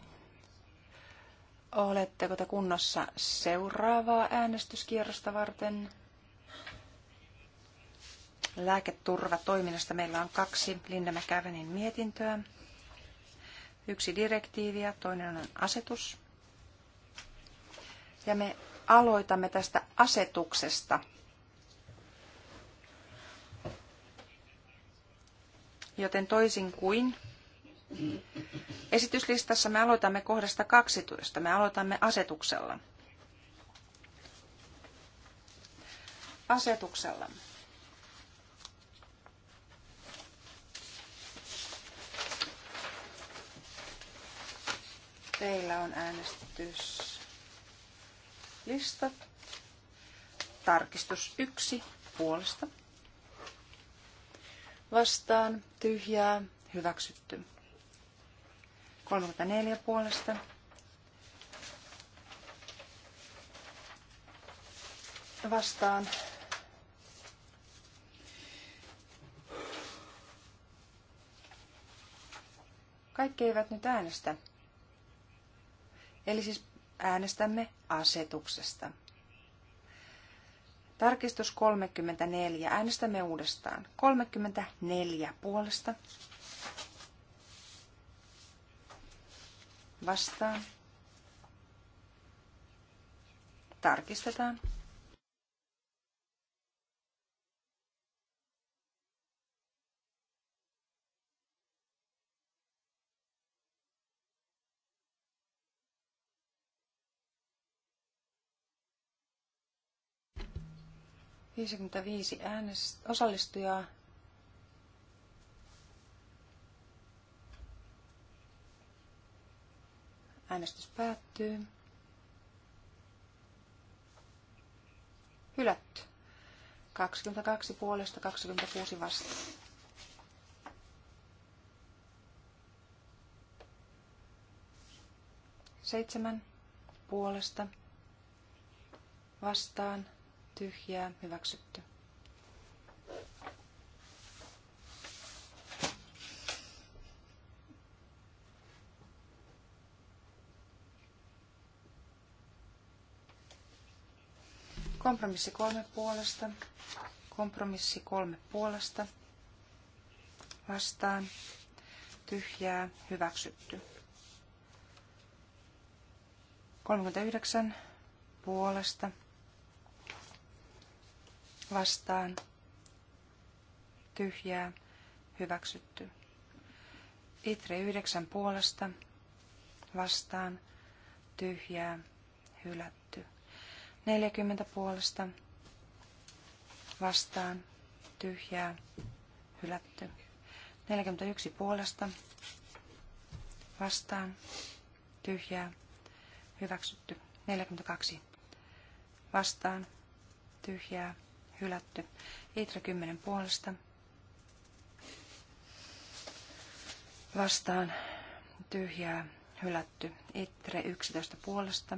Speaker 2: Oletteko te kunnossa seuraavaa äänestyskierrosta varten? Lääketurvatoiminnasta meillä on kaksi Linda mietintöä. Yksi direktiivi ja toinen on asetus. Ja me aloitamme tästä asetuksesta. joten toisin kuin esityslistassa me aloitamme kohdasta 12. Me aloitamme asetuksella. Asetuksella. Teillä on äänestyslista. Tarkistus yksi puolesta vastaan, tyhjää, hyväksytty. 34 puolesta. Vastaan. Kaikki eivät nyt äänestä. Eli siis äänestämme asetuksesta. Tarkistus 34. Äänestämme uudestaan. 34 puolesta. Vastaan. Tarkistetaan. 55 äänest, osallistujaa. Äänestys päättyy. Hylätty. 22 puolesta 26 vastaan. Seitsemän puolesta vastaan tyhjää, hyväksytty. Kompromissi kolme puolesta. Kompromissi kolme puolesta. Vastaan. Tyhjää. Hyväksytty. 39 puolesta vastaan tyhjää hyväksytty. Itre yhdeksän puolesta vastaan tyhjää hylätty. 40 puolesta vastaan tyhjää hylätty. 41 puolesta vastaan tyhjää hyväksytty. 42 vastaan tyhjää hylätty. Itra 10 puolesta vastaan tyhjää hylätty. Itre 11 puolesta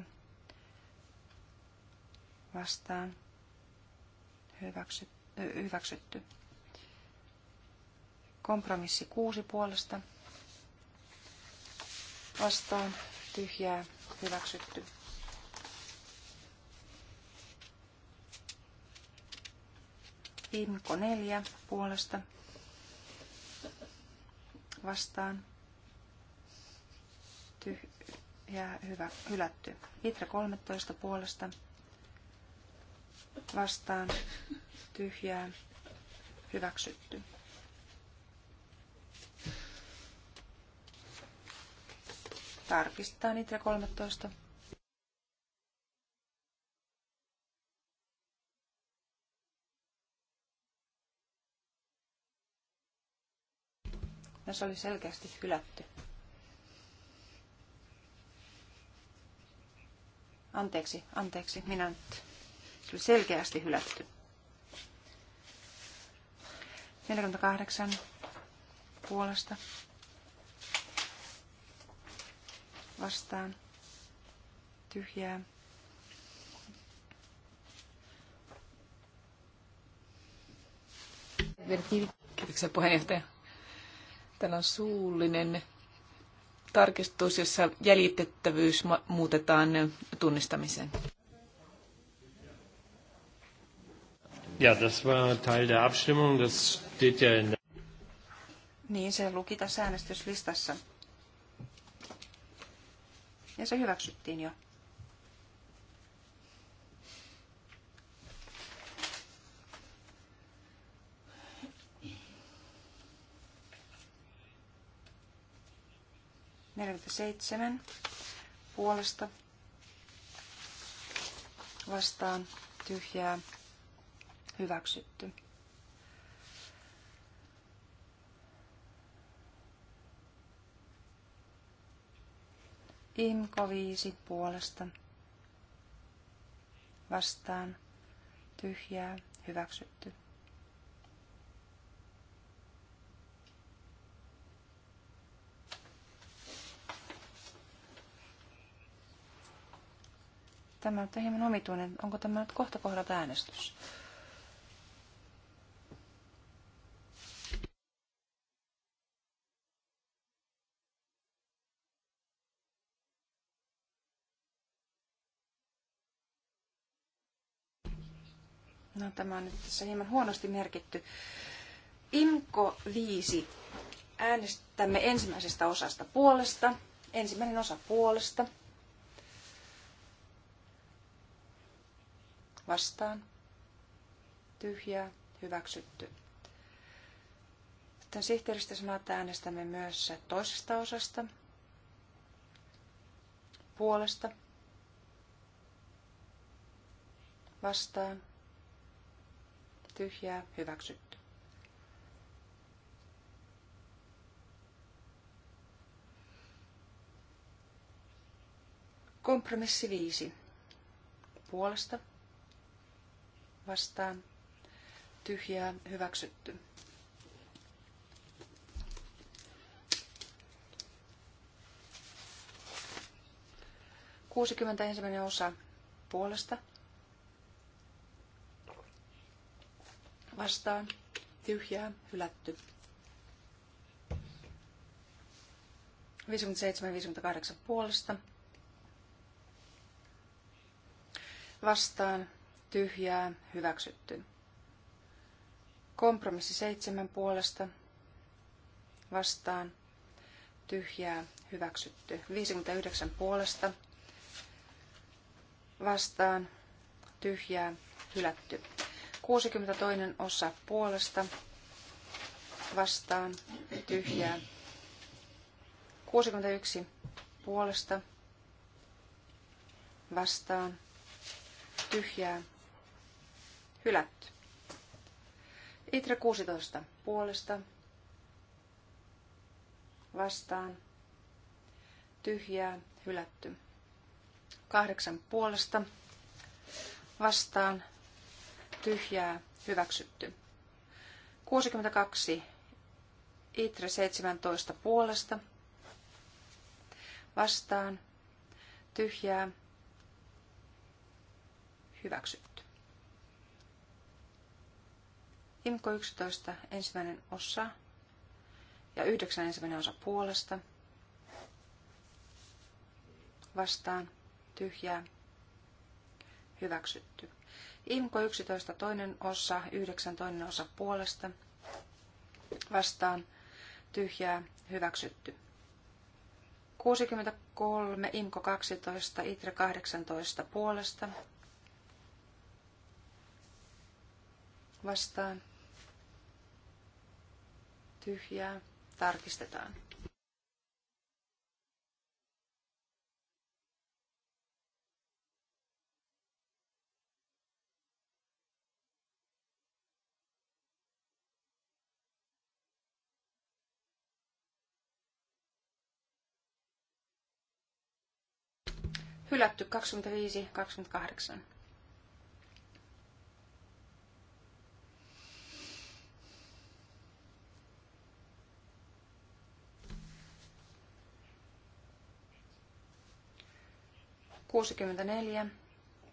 Speaker 2: vastaan hyväksy, hyväksytty. Kompromissi 6 puolesta vastaan tyhjää hyväksytty. Imko 4 puolesta vastaan. Tyhjää hyvä, hylätty. Itre 13 puolesta vastaan. Tyhjää hyväksytty. Tarkistetaan Itre 13. ja se oli selkeästi hylätty. Anteeksi, anteeksi, minä nyt. Se oli selkeästi hylätty. 48 puolesta vastaan tyhjää.
Speaker 3: Kiitoksia puheenjohtaja. Täällä on suullinen tarkistus, jossa jäljitettävyys muutetaan tunnistamiseen.
Speaker 1: Ja, das war Teil der Abstimmung, das steht ja in
Speaker 2: Niin, se luki tässä äänestyslistassa. Ja se hyväksyttiin jo. 47 puolesta vastaan tyhjää hyväksytty. Imko 5 puolesta vastaan tyhjää hyväksytty. Tämä on hieman omituinen. Onko tämä nyt kohta kohdalta äänestys? No tämä on nyt tässä hieman huonosti merkitty. Imko 5. Äänestämme ensimmäisestä osasta puolesta. Ensimmäinen osa puolesta vastaan, tyhjää, hyväksytty. Sitten sihteeristä sanoo, että äänestämme myös toisesta osasta, puolesta, vastaan, tyhjää, hyväksytty. Kompromissi viisi. Puolesta, vastaan tyhjää hyväksytty. Kuusikymmentä ensimmäinen osa puolesta vastaan tyhjää hylätty. 57-58 puolesta vastaan tyhjää, hyväksytty. Kompromissi seitsemän puolesta, vastaan, tyhjää, hyväksytty. 59 puolesta, vastaan, tyhjää, hylätty. 62 osa puolesta, vastaan, tyhjää. 61 puolesta, vastaan, tyhjää, Hylätty. Itre 16 puolesta. Vastaan. Tyhjää. Hylätty. Kahdeksan puolesta. Vastaan. Tyhjää. Hyväksytty. 62. Itre 17 puolesta. Vastaan. Tyhjää. Hyväksytty. Imko 11, ensimmäinen osa ja 9 ensimmäinen osa puolesta. Vastaan, tyhjää, hyväksytty. Imko 11, toinen osa, 9 toinen osa puolesta. Vastaan, tyhjää, hyväksytty. 63, Imko 12, Itre 18 puolesta. Vastaan, tyhjää, tarkistetaan. Hylätty 25-28. 64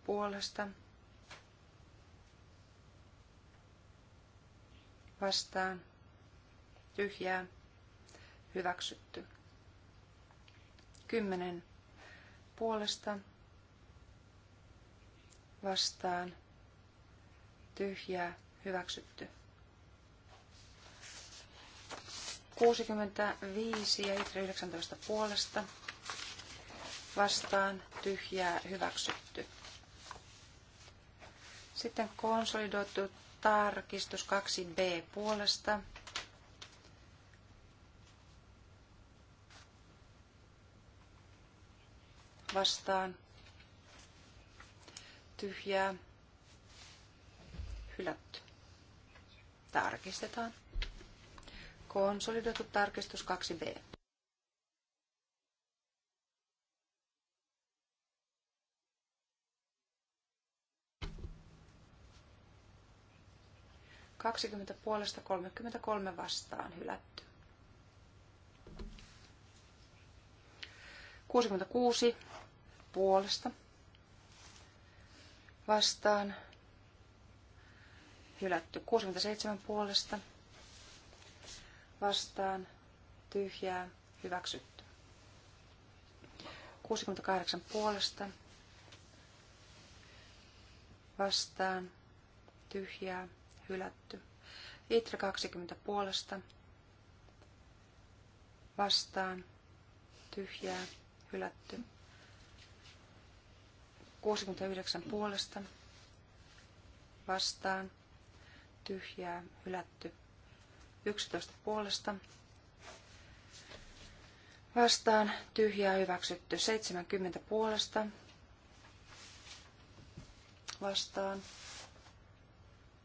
Speaker 2: puolesta vastaan tyhjää hyväksytty. 10 puolesta vastaan tyhjää hyväksytty. 65 ja 19 puolesta vastaan tyhjää hyväksytty. Sitten konsolidoitu tarkistus 2b puolesta. Vastaan tyhjää hylätty. Tarkistetaan. Konsolidoitu tarkistus 2b. 20 puolesta 33 vastaan hylätty. 66 puolesta vastaan hylätty. 67 puolesta vastaan tyhjää hyväksytty. 68 puolesta vastaan tyhjää hylätty. Itra 20 puolesta vastaan tyhjää hylätty. 69 puolesta vastaan tyhjää hylätty. 11 puolesta vastaan tyhjää hyväksytty. 70 puolesta vastaan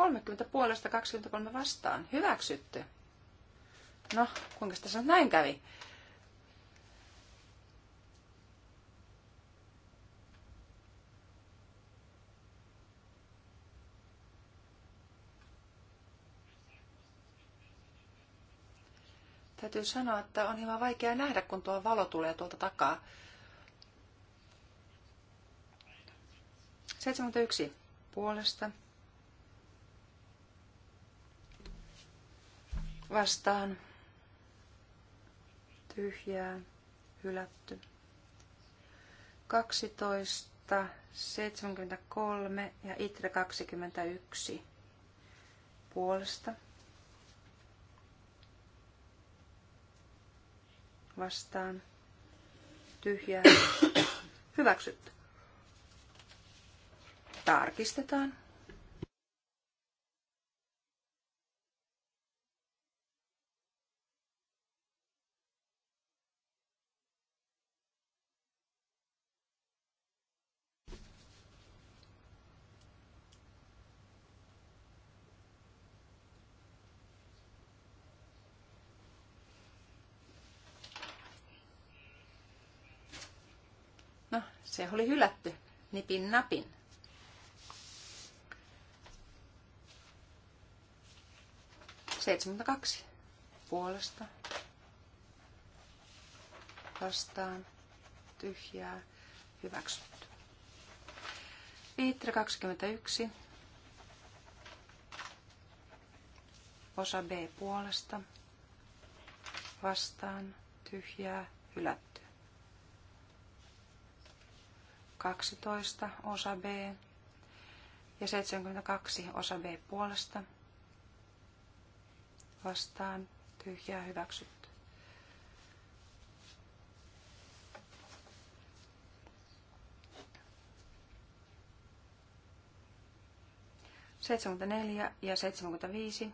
Speaker 2: 30 puolesta 23 vastaan. Hyväksytty. No, kuinka tässä näin kävi? Täytyy sanoa, että on hieman vaikea nähdä, kun tuo valo tulee tuolta takaa. 71 puolesta vastaan tyhjää hylätty. 12, 73 ja Itre 21 puolesta vastaan tyhjää hyväksytty. Tarkistetaan. Se oli hylätty nipin napin. kaksi puolesta vastaan tyhjää hyväksytty. Viitre 21. Osa B puolesta vastaan tyhjää hylätty. 12 osa B ja 72 osa B puolesta vastaan tyhjää hyväksytty. neljä ja viisi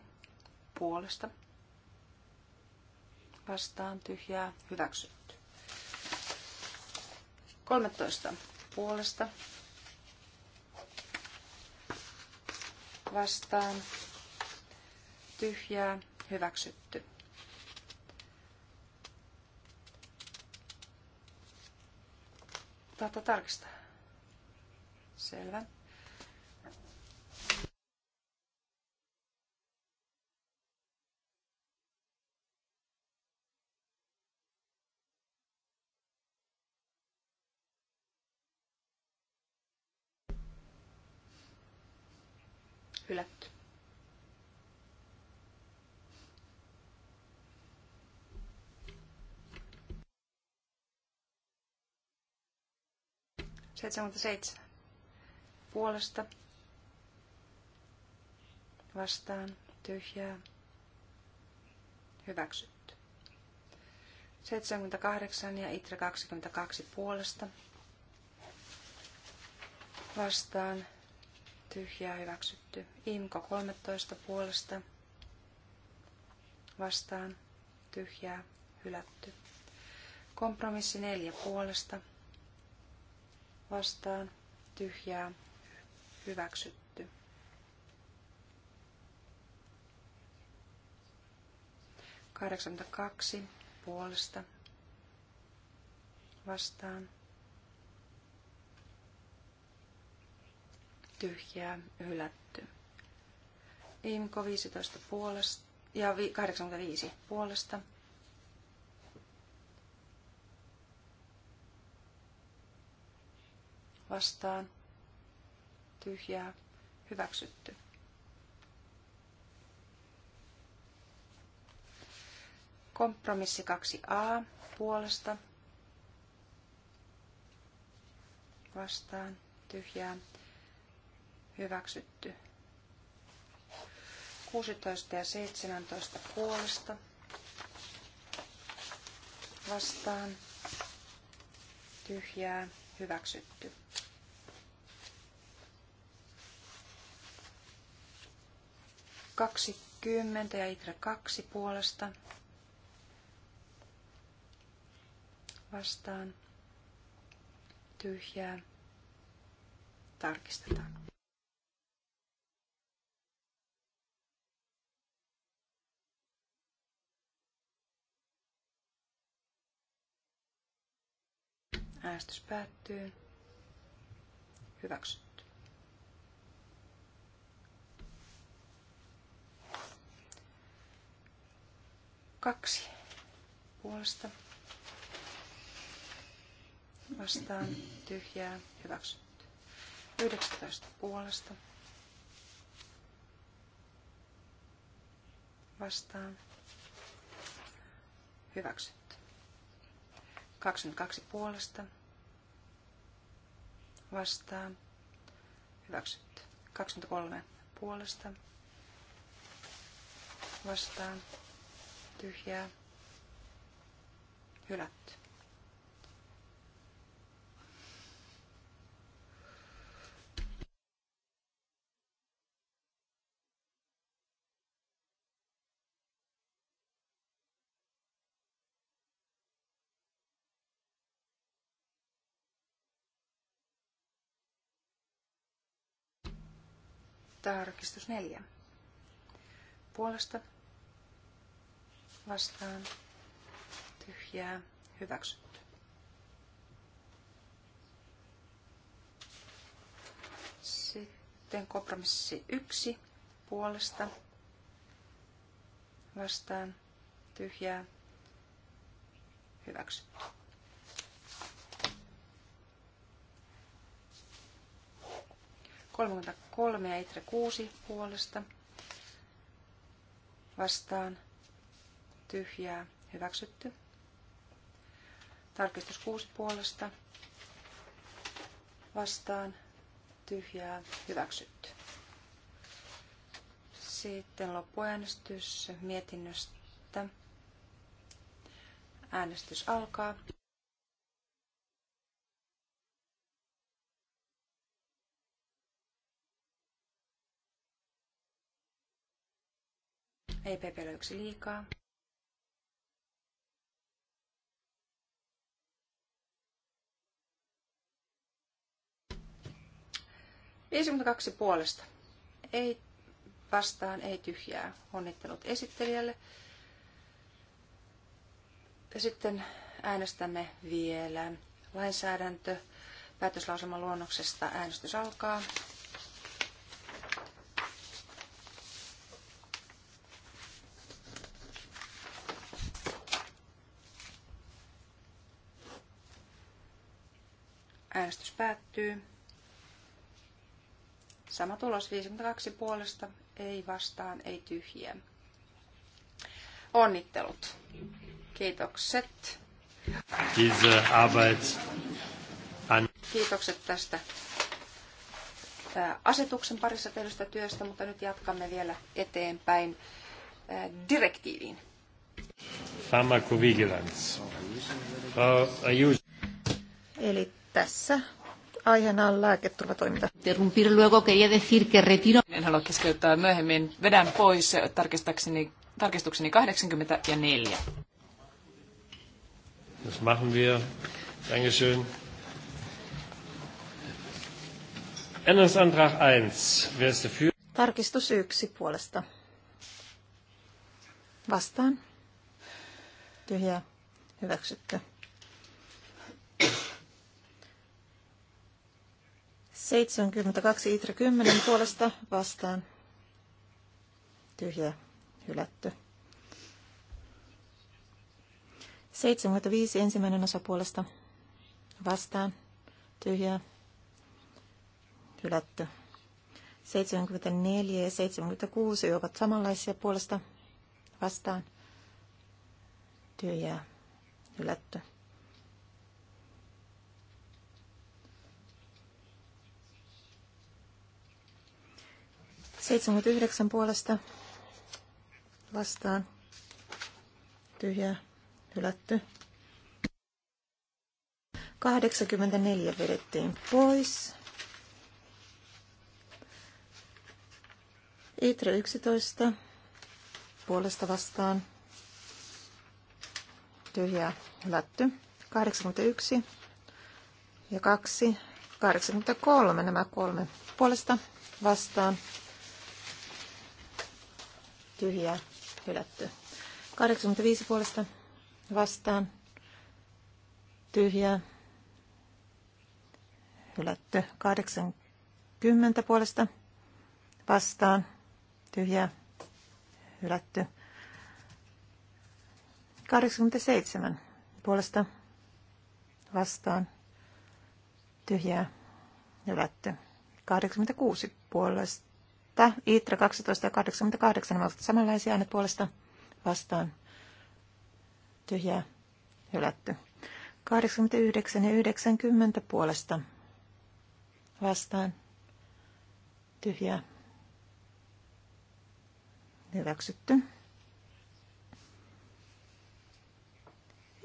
Speaker 2: puolesta vastaan tyhjää hyväksytty. kolmetoista puolesta vastaan tyhjää hyväksytty. Tahto tarkistaa. Selvä. 77 puolesta vastaan tyhjää hyväksytty. 78 ja Itre 22 puolesta vastaan tyhjää hyväksytty. Imko 13 puolesta vastaan tyhjää hylätty. Kompromissi 4 puolesta vastaan tyhjää hyväksytty. kaksi puolesta vastaan tyhjää hylätty. Imko 15 puolesta ja 85 puolesta vastaan tyhjää hyväksytty. Kompromissi 2a puolesta vastaan tyhjää hyväksytty. 16 ja 17 puolesta vastaan tyhjää hyväksytty. Kaksi kymmentä ja Itra kaksi puolesta vastaan tyhjää tarkistetaan. Äänestys päättyy. Hyväksytty. Kaksi puolesta vastaan tyhjää hyväksytty. 19 puolesta vastaan hyväksytty. 22 puolesta vastaan. Hyväksytty. 23 puolesta vastaan. Tyhjää. Hylätty. Tarkistus neljä. Puolesta vastaan tyhjää hyväksytty. Sitten kompromissi yksi puolesta vastaan tyhjää hyväksytty. 33 ja Itre 6 puolesta vastaan tyhjää hyväksytty. Tarkistus 6 puolesta vastaan tyhjää hyväksytty. Sitten loppuäänestys mietinnöstä. Äänestys alkaa. Ei yksi liikaa. kaksi puolesta. Ei vastaan, ei tyhjää. Onnittelut esittelijälle. Ja sitten äänestämme vielä lainsäädäntö. Päätöslauselman luonnoksesta äänestys alkaa. päättyy. Sama tulos 52 puolesta, ei vastaan, ei tyhjiä. Onnittelut. Kiitokset. Kiitokset tästä asetuksen parissa tehdystä työstä, mutta nyt jatkamme vielä eteenpäin direktiiviin.
Speaker 1: Pharmacovigilance.
Speaker 2: Eli tässä
Speaker 3: Aiheena on lääketurvatoiminta. Interrumpir luego quería decir que retiro.
Speaker 2: En halua keskeyttää myöhemmin. Vedän pois tarkistukseni, tarkistukseni 84.
Speaker 1: Das machen wir. Dankeschön. Änderungsantrag 1. Wer ist dafür?
Speaker 3: Tarkistus 1 puolesta. Vastaan. Tyhjää. Hyväksytty. 72 itra 10 puolesta vastaan. Tyhjä, hylätty. 75 ensimmäinen osa puolesta vastaan. Tyhjä, hylätty. 74 ja 76 ovat samanlaisia puolesta vastaan. Tyhjää, hylätty. 79 puolesta vastaan. tyhjä, hylätty. 84 vedettiin pois. Itre 11 puolesta vastaan. tyhjä, hylätty. 81 ja 2. 83 nämä kolme puolesta vastaan tyhjää hylätty. 85 puolesta vastaan tyhjää hylätty. 80 puolesta vastaan tyhjää hylätty. 87 puolesta vastaan tyhjää hylätty. 86 puolesta että Iitra 12 ja 88 ovat samanlaisia aina puolesta vastaan tyhjää hylätty. 89 ja 90 puolesta vastaan tyhjää hyväksytty.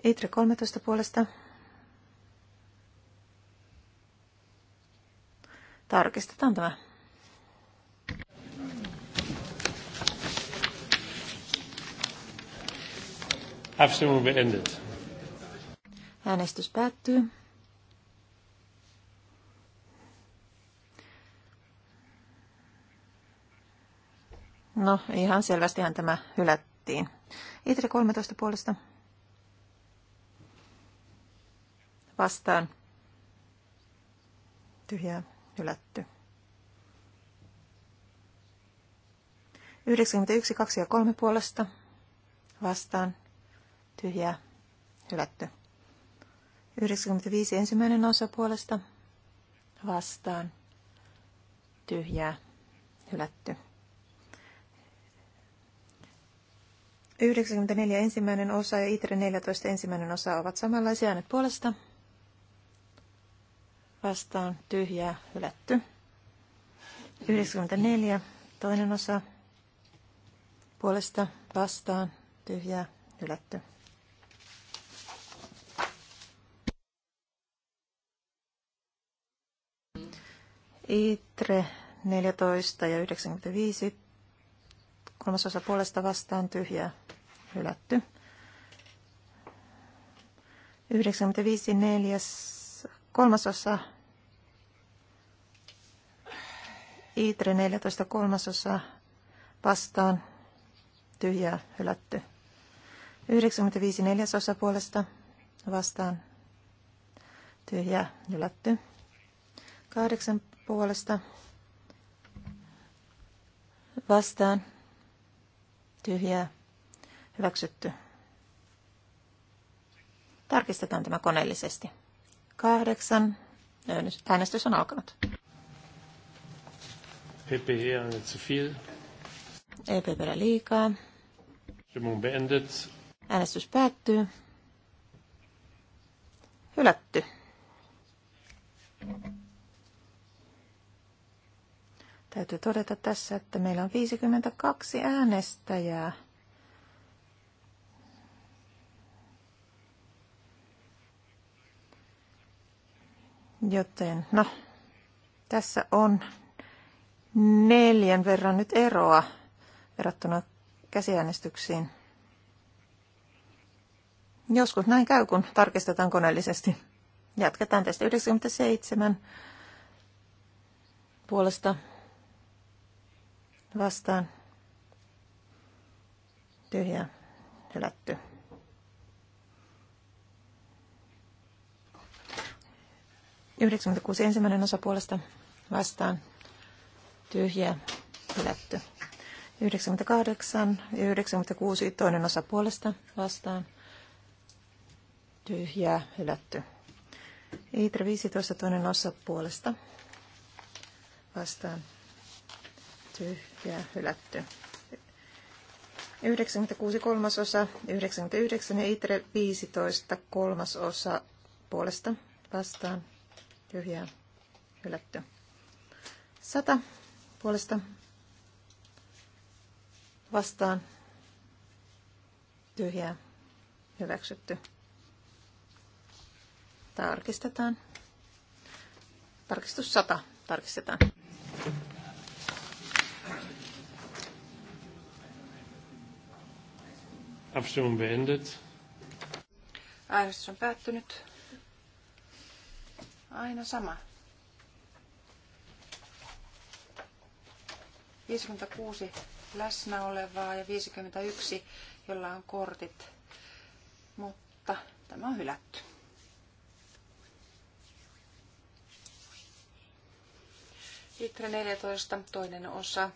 Speaker 3: ITRA 13 puolesta tarkistetaan tämä.
Speaker 1: Abstimmung beendet.
Speaker 3: Äänestys päättyy. No, ihan selvästihän tämä hylättiin. Itre 13 puolesta. Vastaan. Tyhjää hylätty. 91, 2 ja 3 puolesta. Vastaan tyhjää, hylätty. 95 ensimmäinen osa puolesta vastaan, tyhjää, hylätty. 94 ensimmäinen osa ja ITRE 14 ensimmäinen osa ovat samanlaisia äänet puolesta. Vastaan tyhjää hylätty. 94 toinen osa puolesta vastaan tyhjää hylätty. ITRE 14 ja 95. Kolmasosa puolesta vastaan tyhjä hylätty. 95 neljäs kolmasosa ITRE 14 kolmasosa vastaan tyhjä hylätty. 95 neljäsosa puolesta vastaan tyhjä hylätty. 8 puolesta vastaan tyhjää hyväksytty. Tarkistetaan tämä koneellisesti. Kahdeksan. Äänestys on alkanut.
Speaker 1: PPE on zu viel.
Speaker 3: EPPllä liikaa. Äänestys päättyy. Hylätty. Täytyy todeta tässä, että meillä on 52 äänestäjää. Joten, no, tässä on neljän verran nyt eroa verrattuna käsiäänestyksiin. Joskus näin käy, kun tarkistetaan koneellisesti. Jatketaan tästä 97 puolesta vastaan tyhjä hylätty. Yhdeksänkymmentäkuusi ensimmäinen osa puolesta vastaan tyhjä hylätty. 98 ja 96 toinen osa puolesta vastaan tyhjää hylätty. Iitra 15 toinen osa puolesta vastaan tyhjää hylätty. 96 kolmasosa, 99 ja Itre 15 kolmasosa puolesta vastaan tyhjää hylätty. 100 puolesta vastaan tyhjää hyväksytty. Tarkistetaan. Tarkistus 100 tarkistetaan.
Speaker 1: Abstimmung beendet.
Speaker 2: Äänestys on päättynyt. Aina sama. 56 läsnä olevaa ja 51, jolla on kortit. Mutta tämä on hylätty. Itre 14, toinen osa.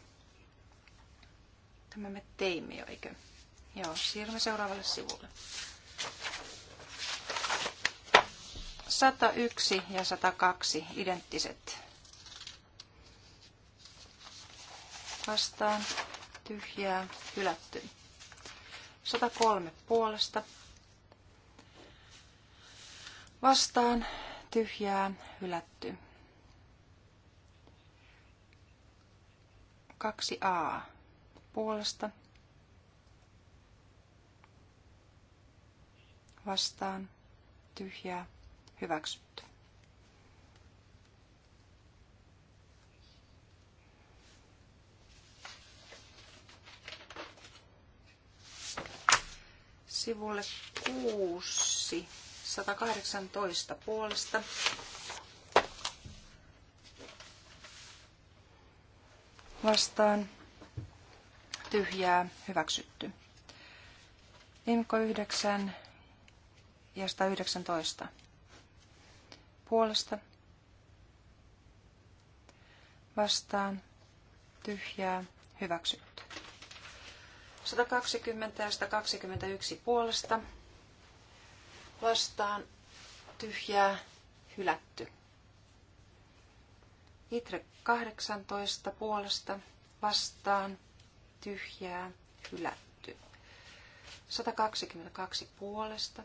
Speaker 2: Tämä me teimme jo, eikö? Joo, siirrymme seuraavalle sivulle. 101 ja 102 identtiset. Vastaan tyhjää hylätty. 103 puolesta. Vastaan tyhjää hylätty. 2a puolesta vastaan tyhjää hyväksytty. Sivulle 6, 118 puolesta. Vastaan tyhjää hyväksytty. Imko 9 ja 119 puolesta vastaan tyhjää hyväksytty. 120 ja 121 puolesta vastaan tyhjää hylätty. Itre 18 puolesta vastaan tyhjää hylätty. 122 puolesta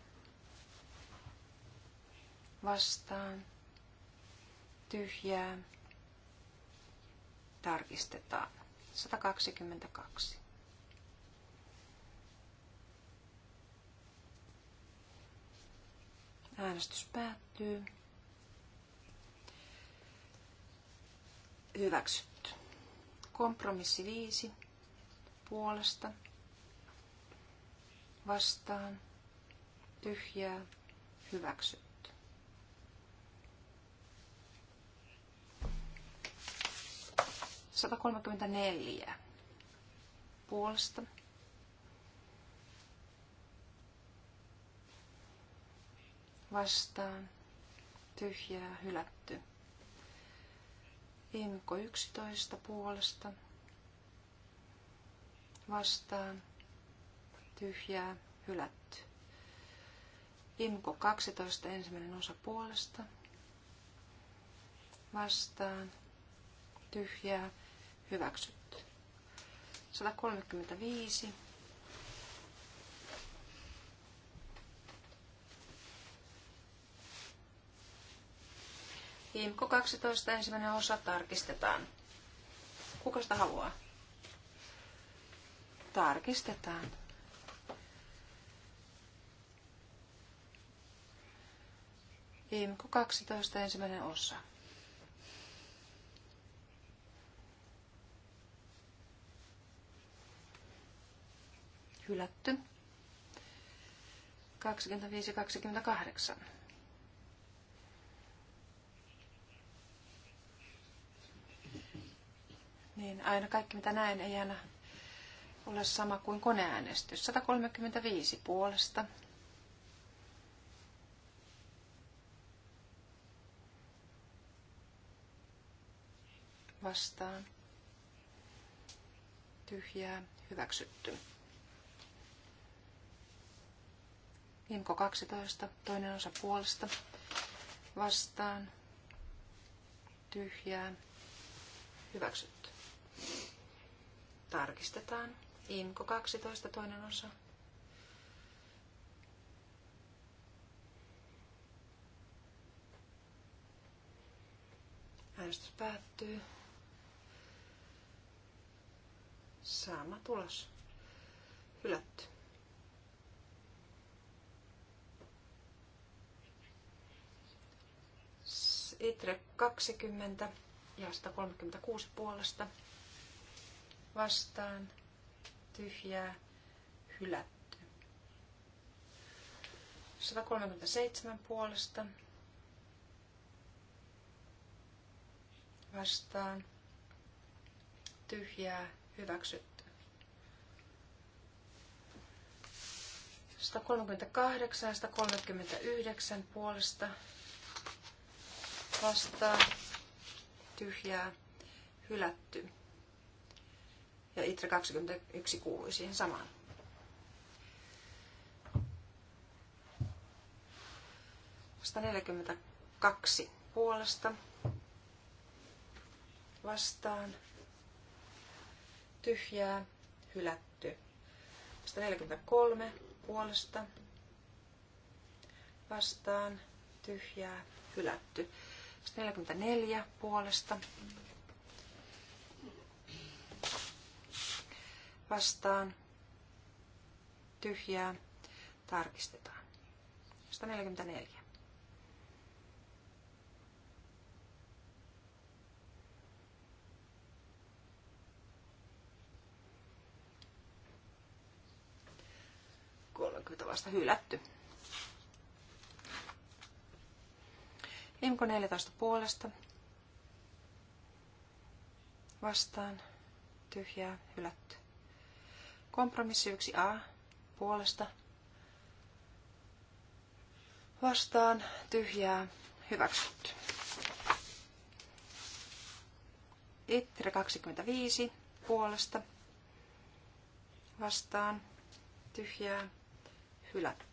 Speaker 2: vastaan tyhjää tarkistetaan. 122. Äänestys päättyy. Hyväksytty. Kompromissi 5 puolesta vastaan tyhjää hyväksytty. 134 puolesta. Vastaan. Tyhjää hylätty. Inko 11 puolesta. Vastaan. Tyhjää hylätty. Inko 12 ensimmäinen osa puolesta. Vastaan. Tyhjää Hyväksytty. 135. Imko 12 ensimmäinen osa tarkistetaan. Kuka sitä haluaa? Tarkistetaan. Imko 12 ensimmäinen osa. hylätty. 25-28. Niin aina kaikki mitä näen ei aina ole sama kuin koneäänestys. 135 puolesta. Vastaan. Tyhjää. Hyväksytty. Inko 12, toinen osa puolesta. Vastaan. Tyhjään. Hyväksytty. Tarkistetaan. Inko 12, toinen osa. Äänestys päättyy. Sama tulos. Hylätty. ITRE 20 ja 136 puolesta vastaan tyhjää hylätty. 137 puolesta vastaan tyhjää hyväksytty. 138 ja 139 puolesta vastaan, tyhjää, hylätty. Ja Itra 21 kuului siihen samaan. Vasta 42 puolesta vastaan, tyhjää, hylätty. vasta 43 puolesta vastaan, tyhjää, hylätty. 44 puolesta. Vastaan. Tyhjää. Tarkistetaan. 144. vasta hylätty. Imko 14 puolesta. Vastaan. Tyhjää. Hylätty. Kompromissi 1a. Puolesta. Vastaan. Tyhjää. Hyväksytty. Itre 25. Puolesta. Vastaan. Tyhjää. Hylätty.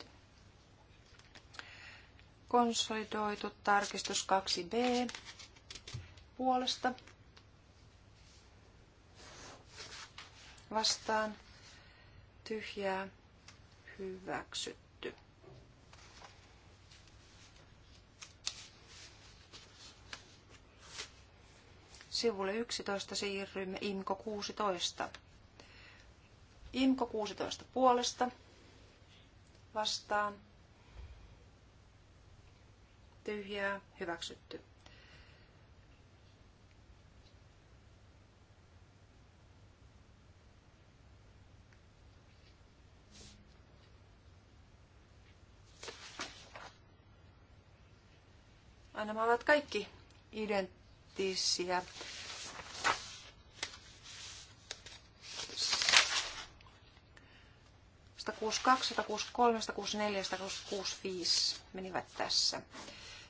Speaker 2: Konsolidoitu tarkistus 2b puolesta vastaan tyhjää hyväksytty. Sivulle 11 siirrymme IMKO 16. IMKO 16 puolesta vastaan tyhjää, hyväksytty. Ai ah, nämä ovat kaikki identtisiä. kuusi kaksi, kuusi kolme, kuusi neljä, kuusi viisi menivät tässä.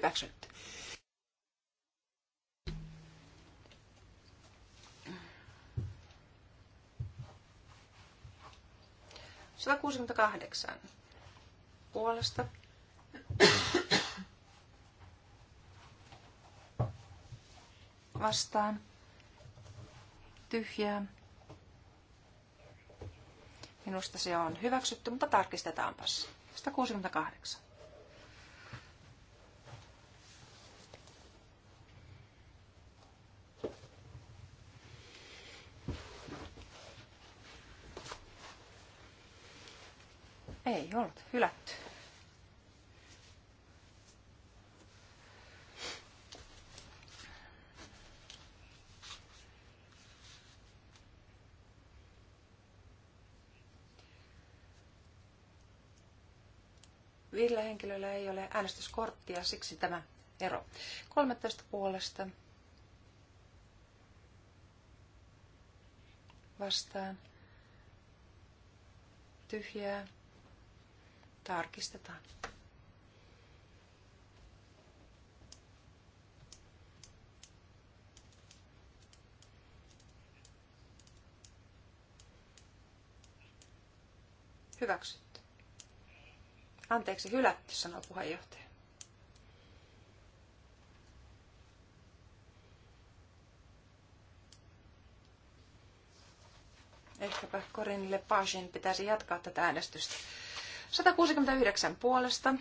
Speaker 2: hyväksytty. Sata kuusikymmentäkahdeksan puolesta. Vastaan. Tyhjää. Minusta se on hyväksytty, mutta tarkistetaanpas. 168. ei ollut hylätty. Viidellä henkilöllä ei ole äänestyskorttia, siksi tämä ero. 13 puolesta vastaan tyhjää Tarkistetaan. Hyväksytty. Anteeksi, hylätty, sanoo puheenjohtaja. Ehkäpä Corinne Lepagein pitäisi jatkaa tätä äänestystä. 169 puolesta.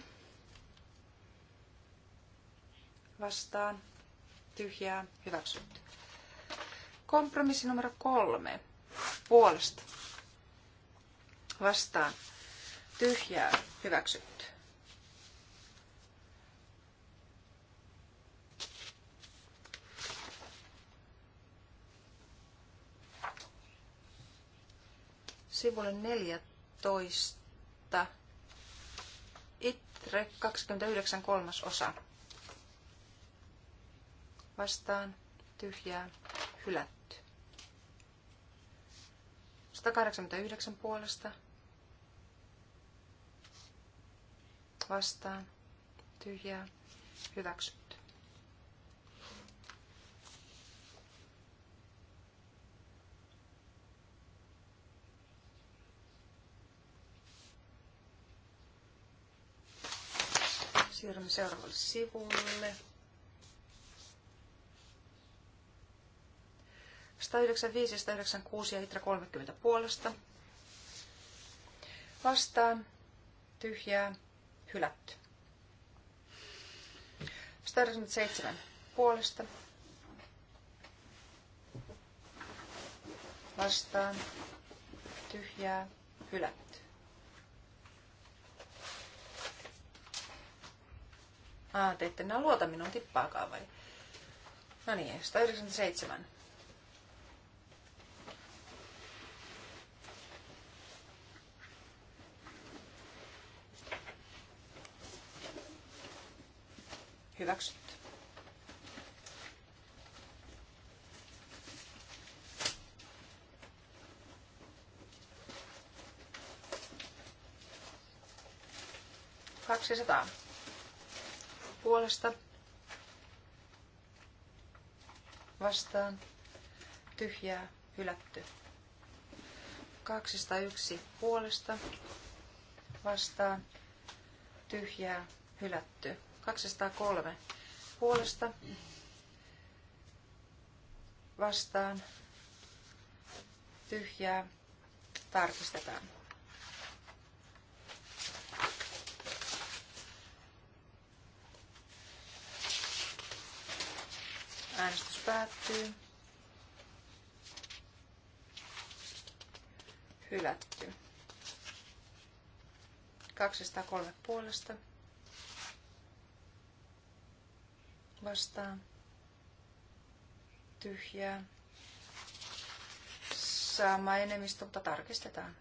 Speaker 2: Vastaan. Tyhjää. Hyväksytty. Kompromissi numero kolme. Puolesta. Vastaan. Tyhjää. Hyväksytty. sivulle 14 ITRE 29 kolmas osa. Vastaan tyhjää hylätty. 189 puolesta. Vastaan tyhjää hyväksy Siirrymme seuraavalle sivulle. 195, 196 ja Hitra 30 puolesta. Vastaan. Tyhjää. Hylätty. 197 puolesta. Vastaan. Tyhjää. Hylätty. Ah, te ette enää luota minun tippaakaan vai? No niin, 197. Hyväksytty. sataa puolesta vastaan tyhjää hylätty. 201 puolesta vastaan tyhjää hylätty. 203 puolesta vastaan tyhjää tarkistetaan. Äänestys päättyy. Hylätty. 203 puolesta. Vastaan. Tyhjää. Sama enemmistö, mutta tarkistetaan.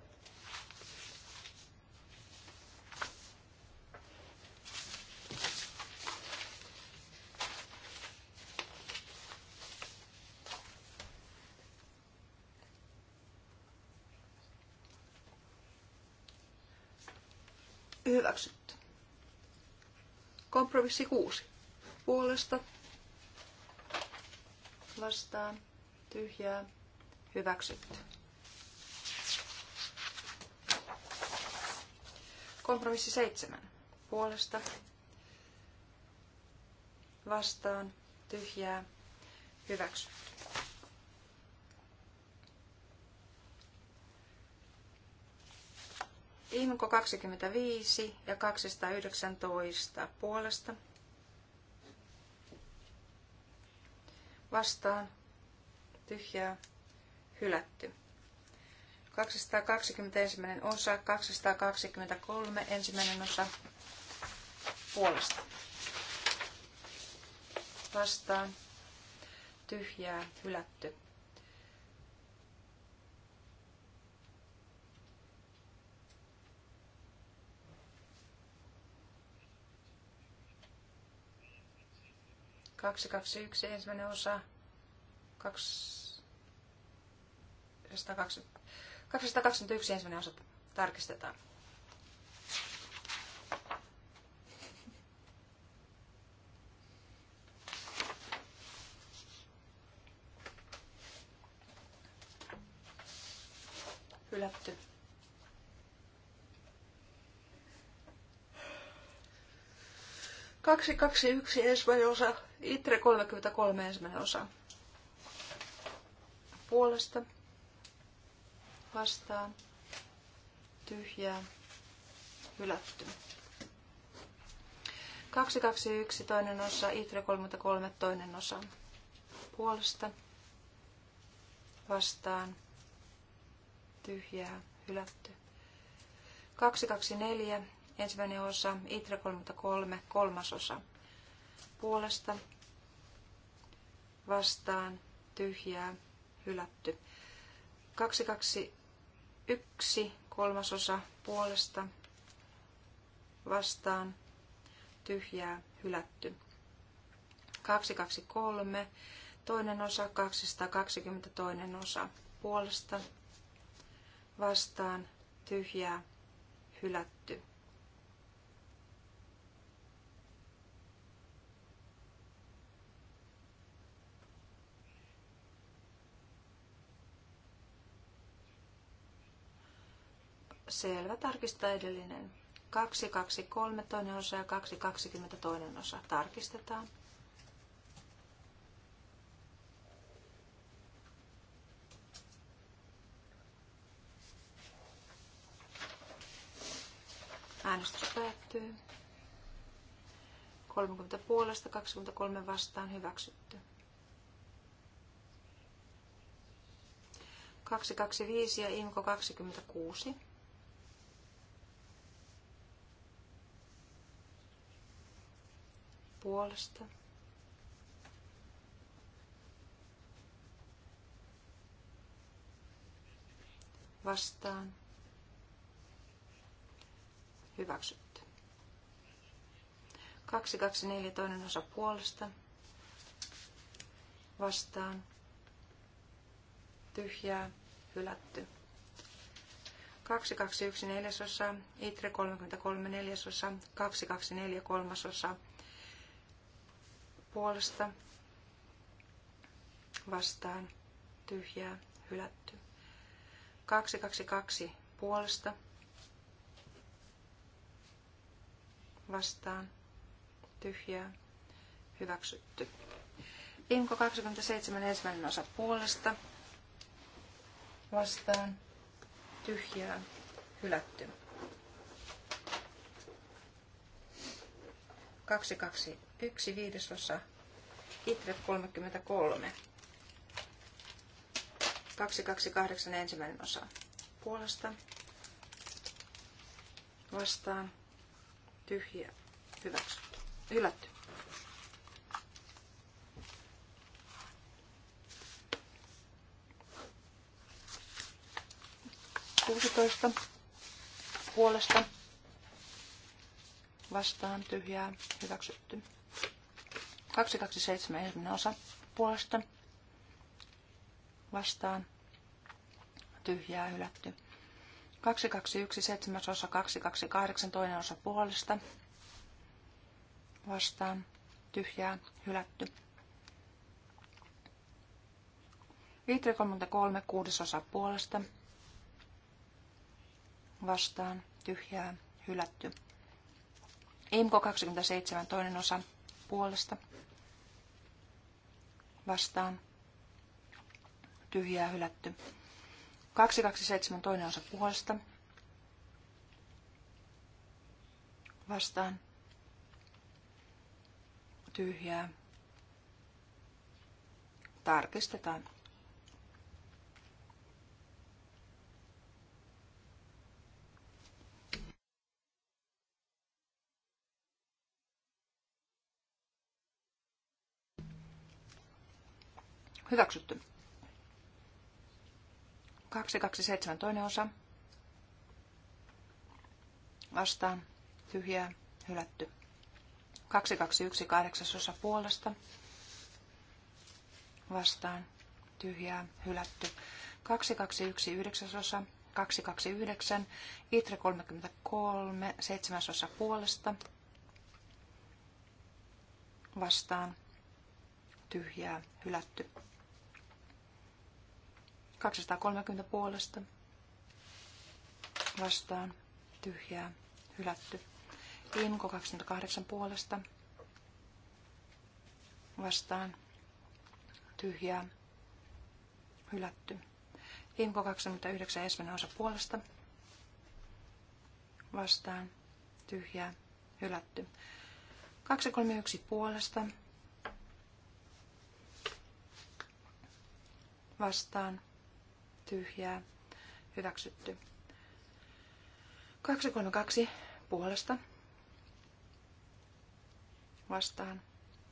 Speaker 2: Kompromissi 6. Puolesta vastaan tyhjää hyväksytty. Kompromissi 7. Puolesta vastaan tyhjää hyväksytty. Ihminko 25 ja 219 puolesta. Vastaan. Tyhjää. Hylätty. 221 osa, 223 ensimmäinen osa puolesta. Vastaan. Tyhjää. Hylätty. 221 ensimmäinen osa. 221 ensimmäinen osa tarkistetaan. Hylätty. Kaksi, kaksi, yksi, ensimmäinen osa ITRE 33 ensimmäinen osa. Puolesta. Vastaan. Tyhjää. Hylätty. 221 toinen osa, ITRE 33 toinen osa. Puolesta. Vastaan. Tyhjää. Hylätty. 224 ensimmäinen osa, ITRE 33 kolmas osa puolesta vastaan tyhjää hylätty. 221 kolmasosa puolesta vastaan tyhjää hylätty. 223 toinen osa 220 toinen osa puolesta vastaan tyhjää hylätty. Selvä, tarkistaa edellinen. 223 toinen osa ja 220 toinen osa. Tarkistetaan. Äänestys päättyy. 30 puolesta 23 vastaan hyväksytty. 225 ja IMKO 26. puolesta. Vastaan. Hyväksytty. 224 toinen osa puolesta. Vastaan. Tyhjää. Hylätty. 221 neljäsosa, ITRE 33 neljäsosa, 224 kolmasosa, puolesta vastaan tyhjää hylätty. 222 puolesta vastaan tyhjää hyväksytty. Inko 27 ensimmäinen osa puolesta vastaan tyhjää hylätty. 22 yksi viidesosa Itre 33. 228 ensimmäinen osa puolesta. Vastaan. Tyhjä. Hyväksytty. Hylätty. Kuusitoista puolesta vastaan tyhjää hyväksytty. 227 ensimmäinen osa puolesta vastaan tyhjää hylätty. 221 7 osa 228 toinen osa puolesta vastaan tyhjää hylätty. Viitri 33 osa puolesta vastaan tyhjää hylätty. Imko 27 toinen osa puolesta vastaan tyhjää hylätty. 227 toinen osa puolesta vastaan tyhjää. Tarkistetaan. Hyväksytty. 227 toinen osa. Vastaan. Tyhjää. Hylätty. 221 kahdeksasosa puolesta. Vastaan. Tyhjää. Hylätty. 221 yhdeksäsosa. 229. Itre 33 seitsemäsosa puolesta. Vastaan. Tyhjää. Hylätty. 230 puolesta vastaan tyhjää hylätty. Inko 28 puolesta vastaan tyhjää hylätty. Inko 29 ensimmäinen osa puolesta vastaan tyhjää hylätty. 231 puolesta vastaan tyhjää, hyväksytty. 232 puolesta vastaan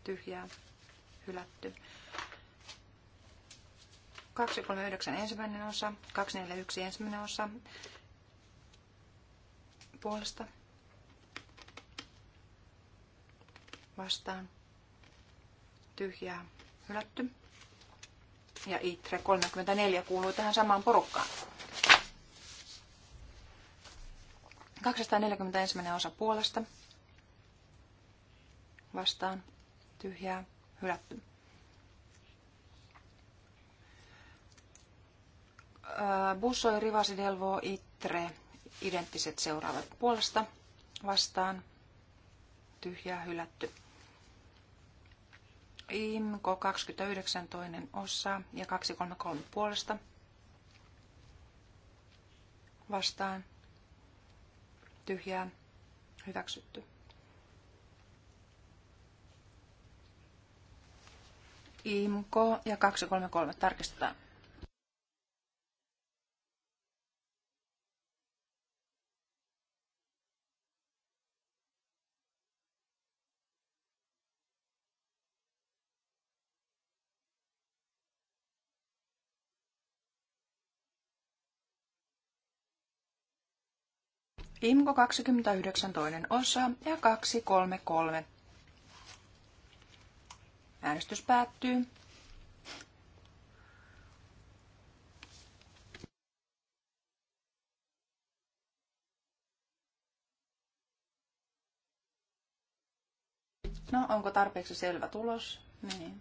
Speaker 2: tyhjää, hylätty. 239 ensimmäinen osa, 241 ensimmäinen osa puolesta vastaan tyhjää, hylätty ja ITRE 34 kuuluu tähän samaan porukkaan. 241. osa puolesta. Vastaan. Tyhjää. Hylätty. Bussoi, Rivasi, Delvo, Itre. Identtiset seuraavat puolesta. Vastaan. Tyhjää. Hylätty. Imko 29 toinen osa ja 233 puolesta vastaan tyhjään hyväksytty. Imko ja 233 tarkistetaan. Imko 29 toinen osa ja 233. Äänestys päättyy. No, onko tarpeeksi selvä tulos? Niin.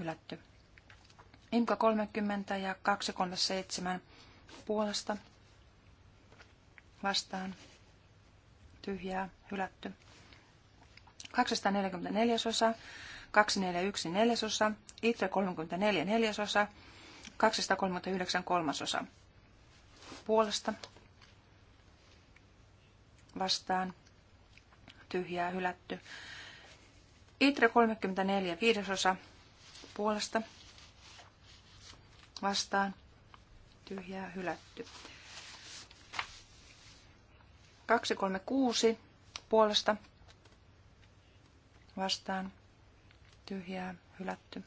Speaker 2: hylätty. Imka 30 ja 237 puolesta vastaan tyhjää hylätty. 244 osa, 241 neljäsosa, Itre 34 neljäsosa, 239 kolmasosa puolesta vastaan tyhjää hylätty. Itre 34 viidesosa, puolesta vastaan tyhjää hylätty. 236 puolesta vastaan tyhjää hylätty.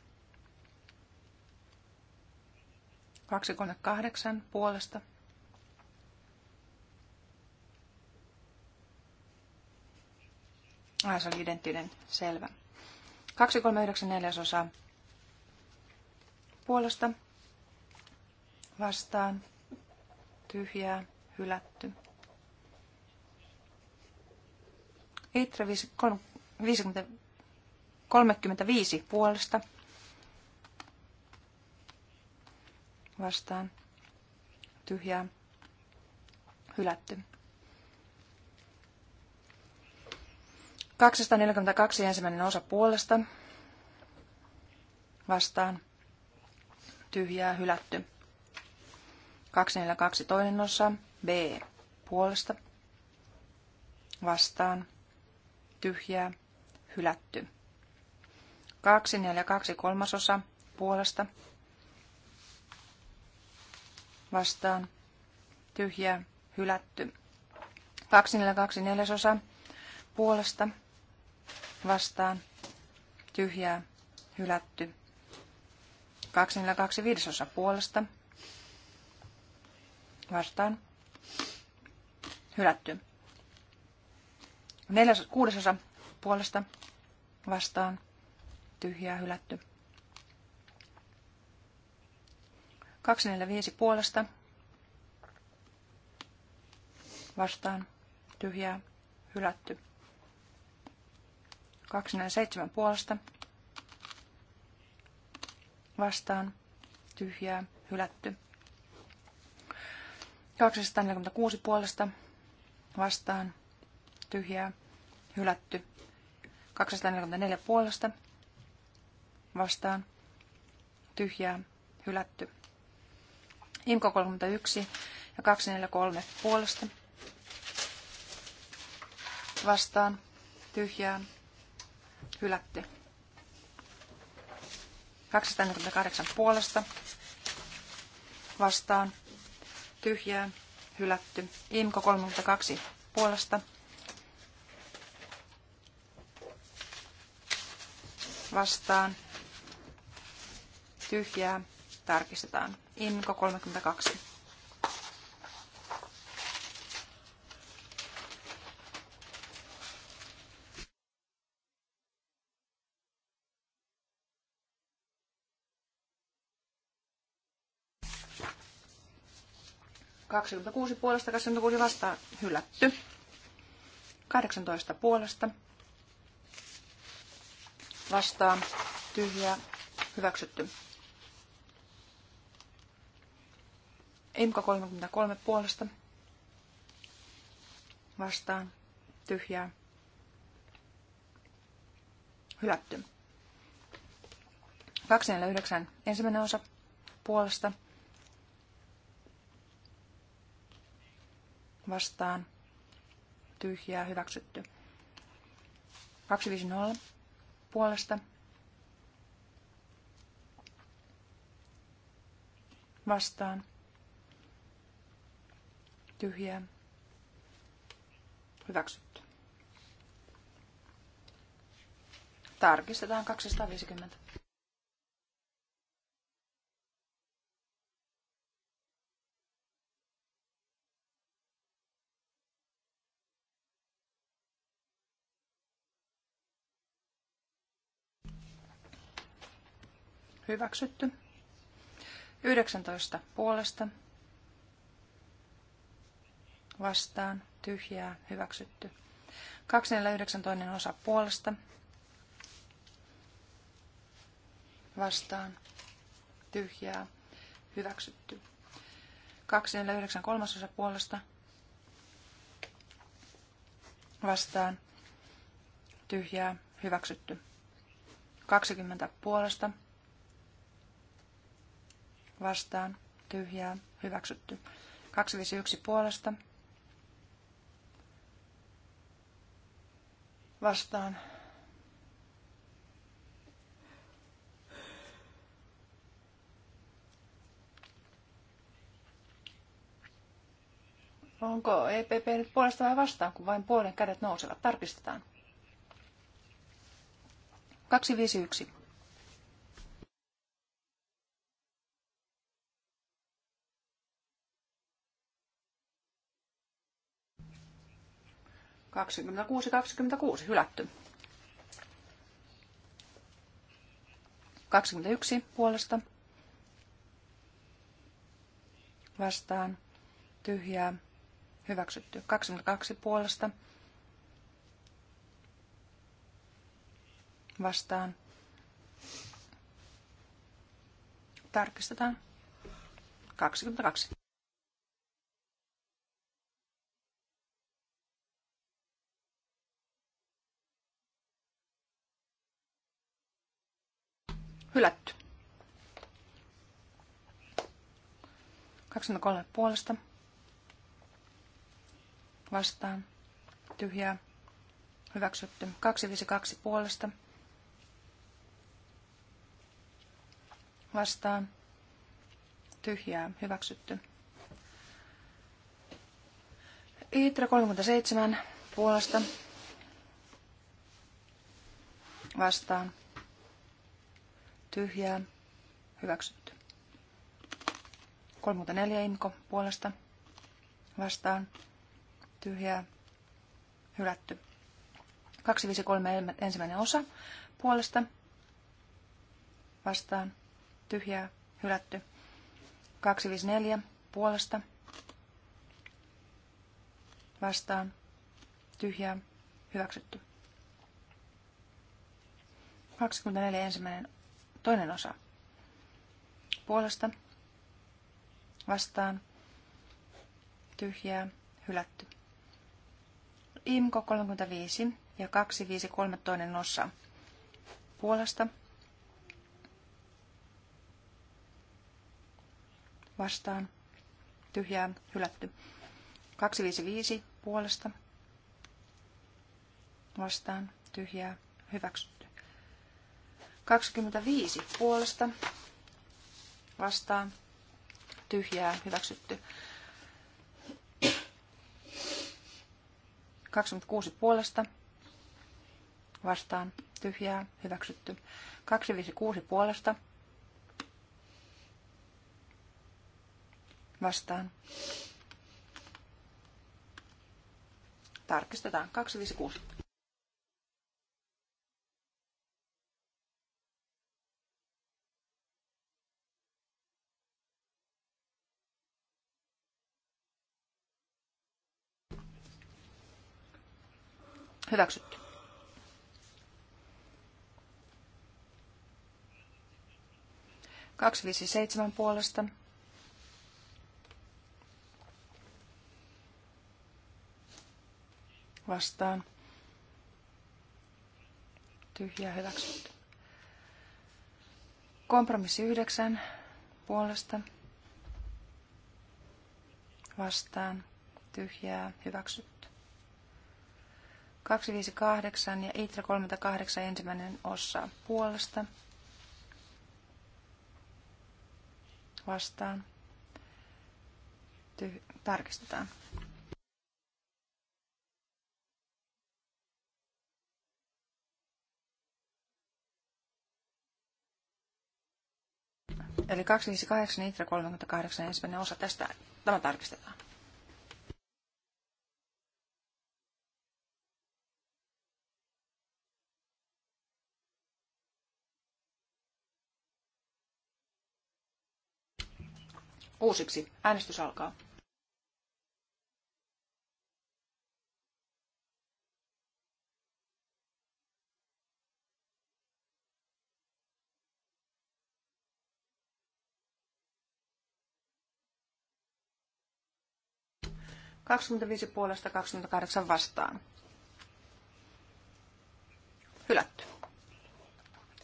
Speaker 2: 238 puolesta Ah, se oli identtinen, selvä. 2,39 osaa puolesta vastaan tyhjää hylätty. Itre 35 puolesta vastaan tyhjää hylätty. 242 ensimmäinen osa puolesta vastaan tyhjää hylätty. 242 toinen osa B puolesta vastaan tyhjää hylätty. 242 kolmasosa puolesta vastaan tyhjää hylätty. 242 neljäsosa puolesta vastaan tyhjää hylätty. 242 viidesosa puolesta. Vastaan. Hylätty. Neljäs, kuudesosa puolesta. Vastaan. Tyhjää hylätty. 245 puolesta. Vastaan. Tyhjää hylätty. 247 puolesta vastaan tyhjää hylätty. 246 puolesta vastaan tyhjää hylätty. 244 puolesta vastaan tyhjää hylätty. Imko 31 ja 243 puolesta vastaan tyhjää hylätty. 248 puolesta vastaan tyhjää hylätty. Imko 32 puolesta vastaan tyhjää tarkistetaan. Imko 32 26 puolesta, 26 vastaan hylätty. 18 puolesta vastaan tyhjä, hyväksytty. Imka 33 puolesta vastaan tyhjää hylätty. 249 ensimmäinen osa puolesta vastaan tyhjää hyväksytty. 250 puolesta vastaan tyhjää hyväksytty. Tarkistetaan 250. Hyväksytty. 19 puolesta. Vastaan. Tyhjää. Hyväksytty. 249 toinen osa puolesta. Vastaan. Tyhjää. Hyväksytty. 249 kolmasosa puolesta. Vastaan. Tyhjää. Hyväksytty. 20 puolesta vastaan, tyhjää, hyväksytty. 251 puolesta, vastaan. Onko EPP nyt puolesta vai vastaan, kun vain puolen kädet nousevat? Tarkistetaan. 251. 26, 26, hylätty. 21 puolesta. Vastaan. Tyhjää. Hyväksytty. 22 puolesta. Vastaan. Tarkistetaan. 22. Hylätty. 23 puolesta. Vastaan. Tyhjää. Hyväksytty. 252 puolesta. Vastaan. Tyhjää. Hyväksytty. Iitra 37 puolesta. Vastaan tyhjää, hyväksytty. 34 inko puolesta vastaan, tyhjää, hylätty. 253 ensimmäinen osa puolesta vastaan, tyhjää, hylätty. 254 puolesta vastaan, tyhjää, hyväksytty. 24 ensimmäinen Toinen osa. Puolesta. Vastaan. Tyhjää. Hylätty. Imko 35 ja 253 toinen osa. Puolesta. Vastaan. Tyhjää. Hylätty. 255 puolesta. Vastaan. Tyhjää. Hyväksy 25 puolesta vastaan tyhjää hyväksytty. 26 puolesta vastaan tyhjää hyväksytty. 256 puolesta vastaan. Tarkistetaan 256. Hyväksytty. Kaksi viisi seitsemän puolesta. Vastaan. Tyhjää hyväksytty. Kompromissi yhdeksän puolesta. Vastaan. Tyhjää hyväksytty. 258 ja ITRA 38 ensimmäinen osa puolesta. Vastaan. Tyh- tarkistetaan. Eli 258 ITRA 38 ensimmäinen osa tästä. Tämä tarkistetaan.
Speaker 3: uusiksi. Äänestys alkaa.
Speaker 2: Kaksikymmentäviisi puolesta 28 vastaan. Hylätty.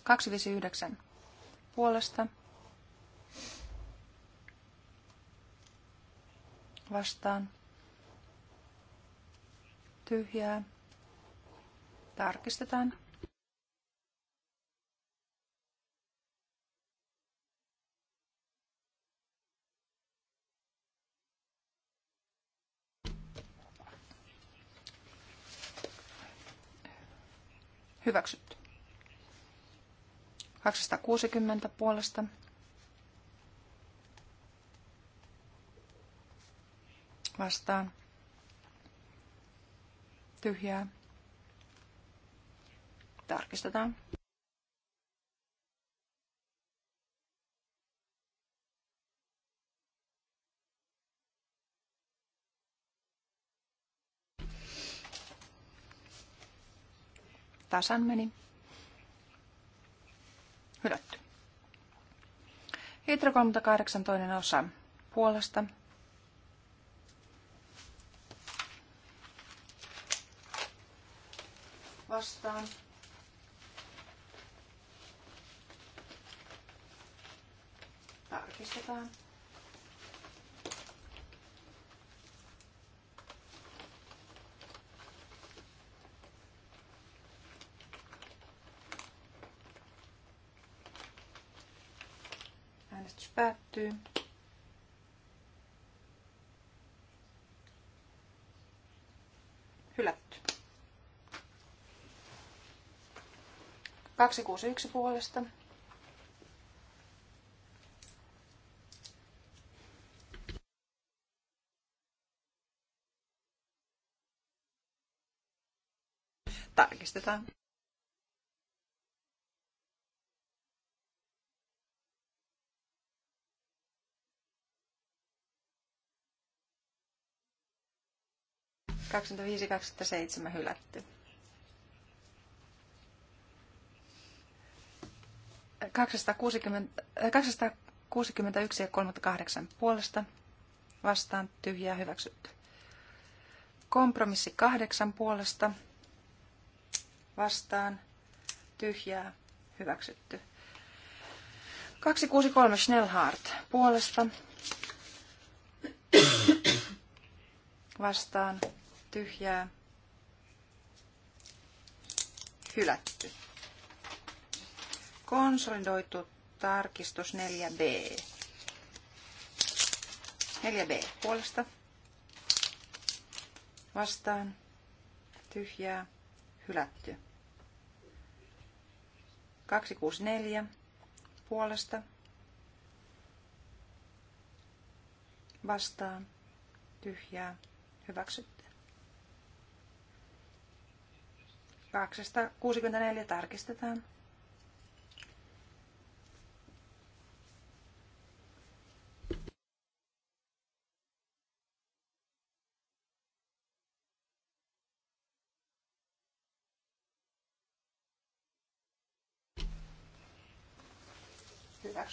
Speaker 2: 259 puolesta vastaan tyhjää. Tarkistetaan. Hyväksytty. 260 puolesta vastaan tyhjää. Tarkistetaan. Tasan meni. Hylätty. Hitra 38 toinen osa puolesta vastaan. Tarkistetaan. Äänestys päättyy. 261 puolesta. Tarkistetaan. Kaksikymmentäviisi, kaksikymmentäseitsemän hylätty. 260, 261 äh, ja 38 puolesta vastaan tyhjää hyväksytty. Kompromissi 8 puolesta vastaan tyhjää hyväksytty. 263 Schnellhardt puolesta [coughs] vastaan tyhjää hylätty. Konsolidoitu tarkistus 4b. 4b puolesta. Vastaan. Tyhjää. Hylätty. 264 puolesta. Vastaan. Tyhjää. Hyväksytty. 264 tarkistetaan.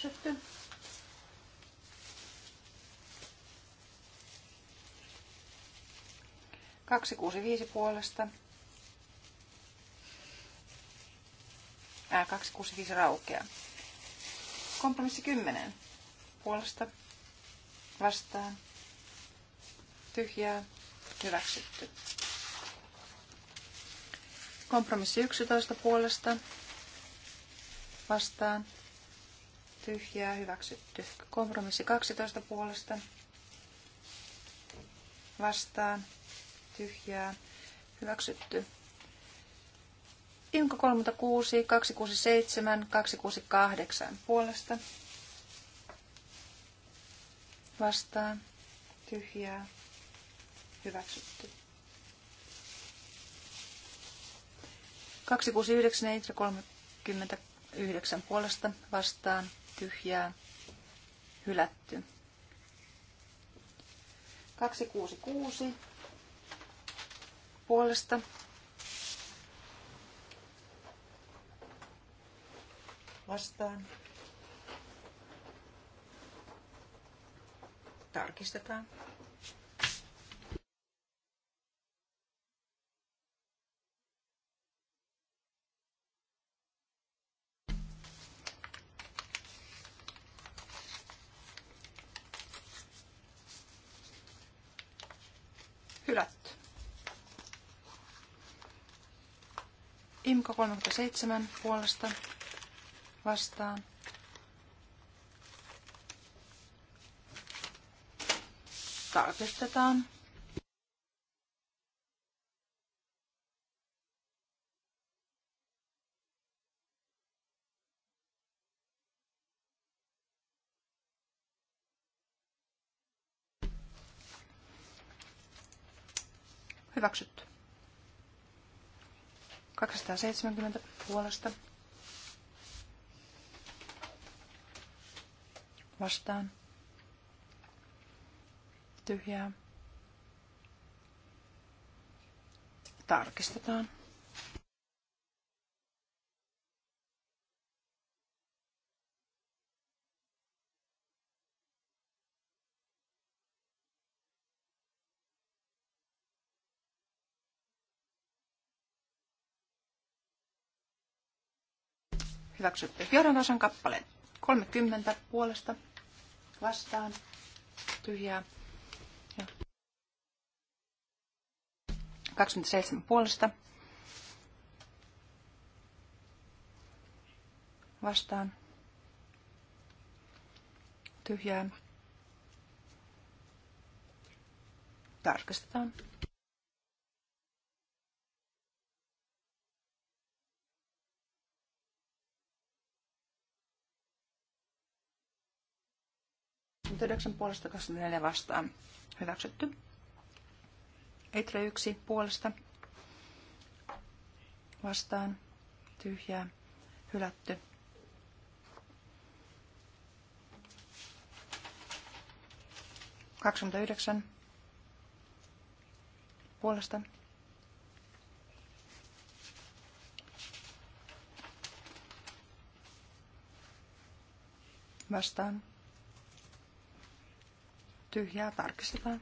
Speaker 2: hyväksytty. Kaksi kuusi viisi puolesta. Ää, kaksi kuusi viisi raukea. Kompromissi kymmenen puolesta vastaan. Tyhjää hyväksytty. Kompromissi 11 puolesta vastaan tyhjää hyväksytty. Kompromissi 12 puolesta vastaan tyhjää hyväksytty. Inko 36, 267, 268 puolesta vastaan tyhjää hyväksytty. 269 ja 39 puolesta vastaan tyhjää, hylätty. 266 puolesta. Vastaan. Tarkistetaan. Imko 37 puolesta vastaan. Tarkistetaan. 270 puolesta vastaan tyhjää. Tarkistetaan. Hyväksytty. Johdantosan kappale. 30 puolesta vastaan. Tyhjää. 27 puolesta. Vastaan. Tyhjää. Tarkistetaan. 9 puolesta 24 vastaan. Hyväksytty. Etre 1 puolesta vastaan. Tyhjää. Hylätty. yhdeksän puolesta vastaan tyhjää tarkistetaan.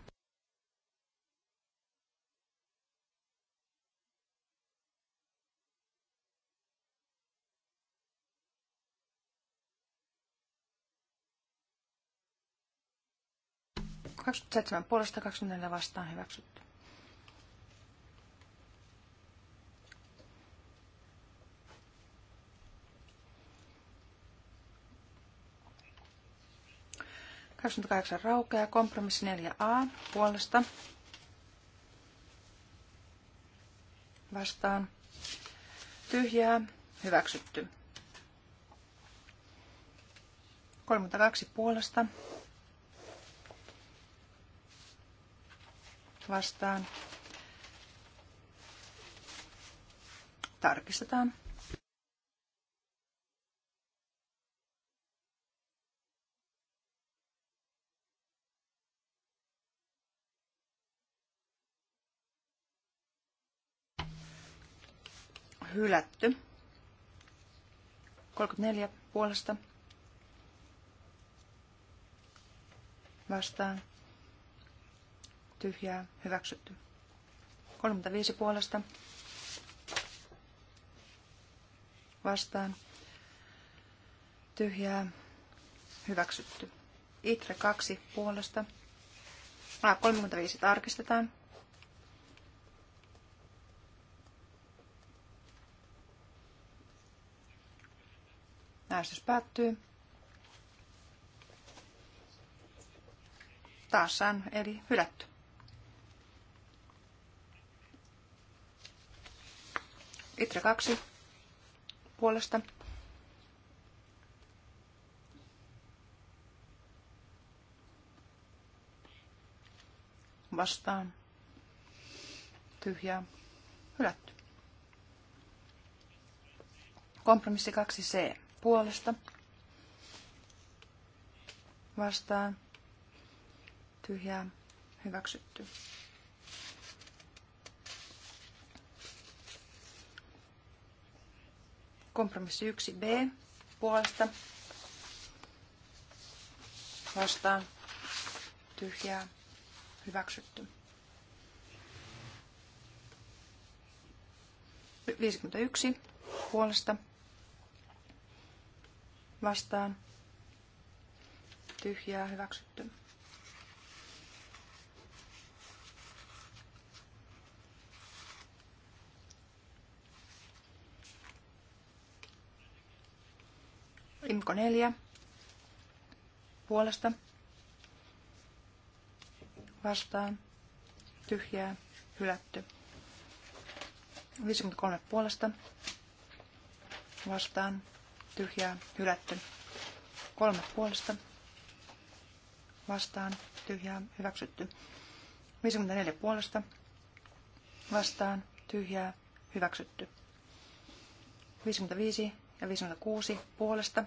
Speaker 2: Kaksikymmentäseitsemän puolesta vastaan hyväksytty. 28 raukeaa. Kompromissi 4a puolesta. Vastaan. Tyhjää. Hyväksytty. 32 puolesta. Vastaan. Tarkistetaan. hylätty. 34 puolesta vastaan tyhjää hyväksytty. 35 puolesta vastaan tyhjää hyväksytty. Itre 2 puolesta. A, ah, 35 tarkistetaan. Äänestys päättyy. Taas sään, eli hylätty. Itre 2 puolesta. Vastaan. Tyhjää. Hylätty. Kompromissi 2c puolesta vastaan tyhjää hyväksytty. Kompromissi 1b puolesta vastaan tyhjää hyväksytty. 51 puolesta vastaan tyhjää hyväksytty. Imko 4 puolesta vastaan tyhjää hylätty. 53 puolesta vastaan tyhjää, hylätty. Kolme puolesta vastaan, tyhjää, hyväksytty. 54 puolesta vastaan, tyhjää, hyväksytty. 55 ja 56 puolesta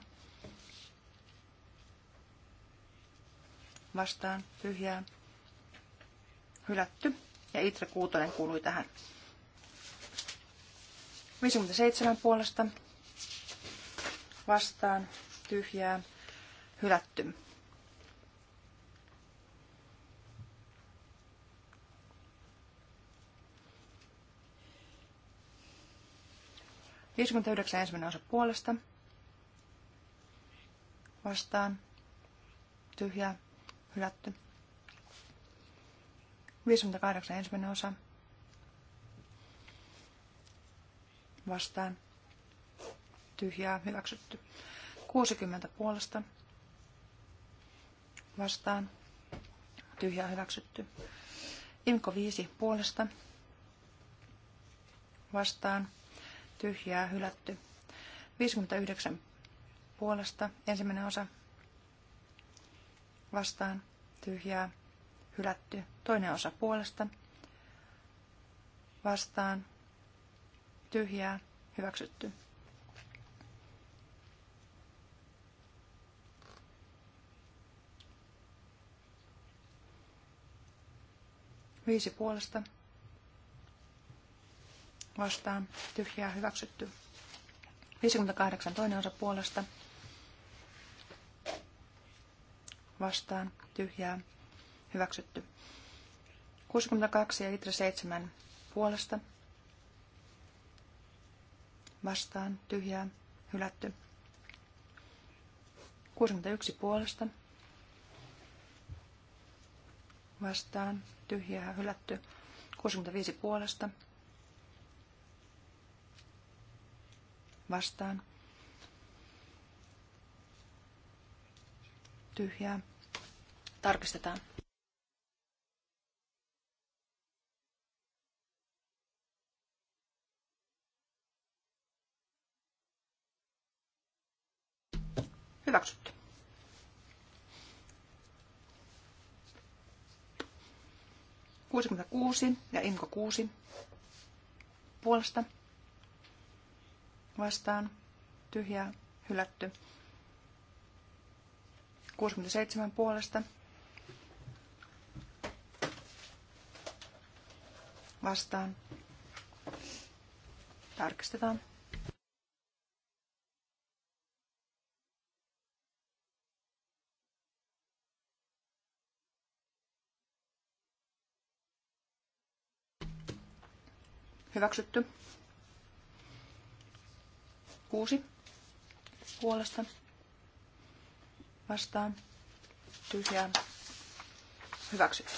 Speaker 2: vastaan, tyhjää, hylätty. Ja Itre Kuutonen kuului tähän. 57 puolesta vastaan tyhjää hylätty. yhdeksän ensimmäinen osa puolesta vastaan tyhjää hylätty. 58 ensimmäinen osa vastaan tyhjää hyväksytty. 60 puolesta vastaan tyhjää hyväksytty. Imko 5 puolesta vastaan tyhjää hylätty. 59 puolesta ensimmäinen osa vastaan tyhjää hylätty. Toinen osa puolesta vastaan tyhjää hyväksytty. Viisi puolesta. Vastaan. Tyhjää hyväksytty. 58 toinen osa puolesta. Vastaan. Tyhjää hyväksytty. 62 ja litra 7 puolesta. Vastaan. Tyhjää hylätty. 61 puolesta vastaan, tyhjää hylätty. 65 puolesta vastaan, tyhjää. Tarkistetaan. Hyväksytty. 66 ja Imko 6 puolesta vastaan tyhjää hylätty. 67 puolesta vastaan. Tarkistetaan. Hyväksytty. Kuusi. Puolesta. Vastaan. Tyhjää. Hyväksytty.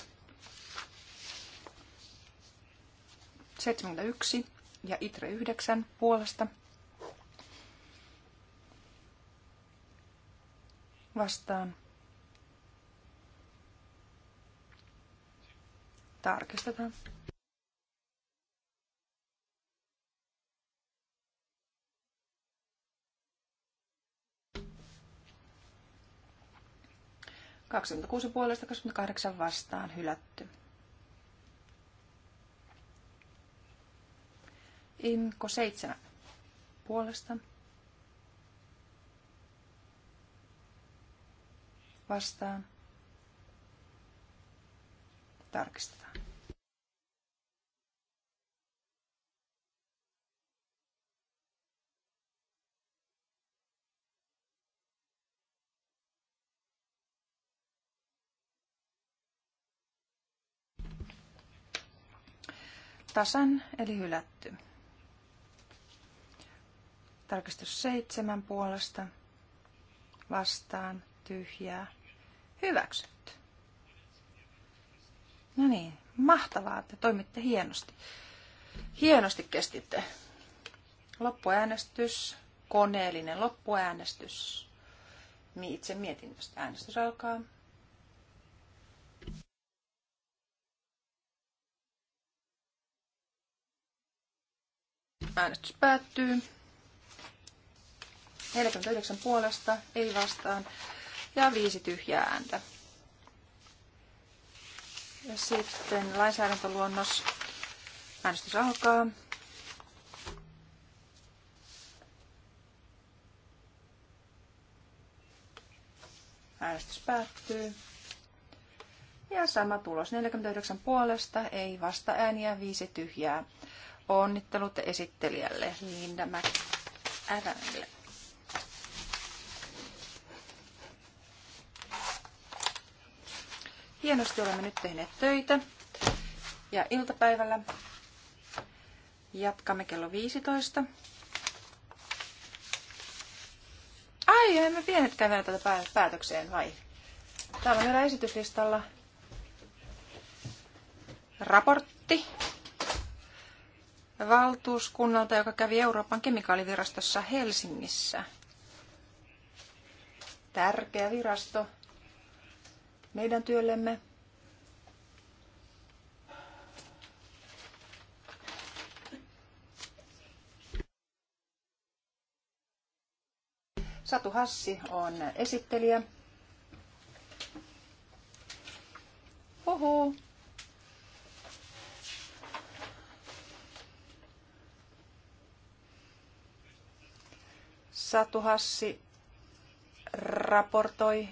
Speaker 2: 71 ja ITRE 9 puolesta. Vastaan. Tarkistetaan. 26 puolesta 28 vastaan hylätty. Inko 7 puolesta vastaan tarkistetaan. tasan eli hylätty. Tarkistus seitsemän puolesta vastaan tyhjää hyväksytty. No niin, mahtavaa, että toimitte hienosti. Hienosti kestitte. Loppuäänestys, koneellinen loppuäänestys. Itse mietinnöstä äänestys alkaa. Äänestys päättyy. 49 puolesta, ei vastaan ja viisi tyhjää ääntä. Ja sitten lainsäädäntöluonnos. Äänestys alkaa. Äänestys päättyy. Ja sama tulos. 49 puolesta, ei vasta ääniä, viisi tyhjää. Onnittelut esittelijälle Linda McAdamille. Hienosti olemme nyt tehneet töitä ja iltapäivällä jatkamme kello 15. Ai, emme pienetkään vielä tätä päätökseen, vai? Täällä on meillä esityslistalla raportti valtuuskunnalta, joka kävi Euroopan kemikaalivirastossa Helsingissä. Tärkeä virasto meidän työllemme. Satu Hassi on esittelijä. Huhuu. Satu Hassi raportoi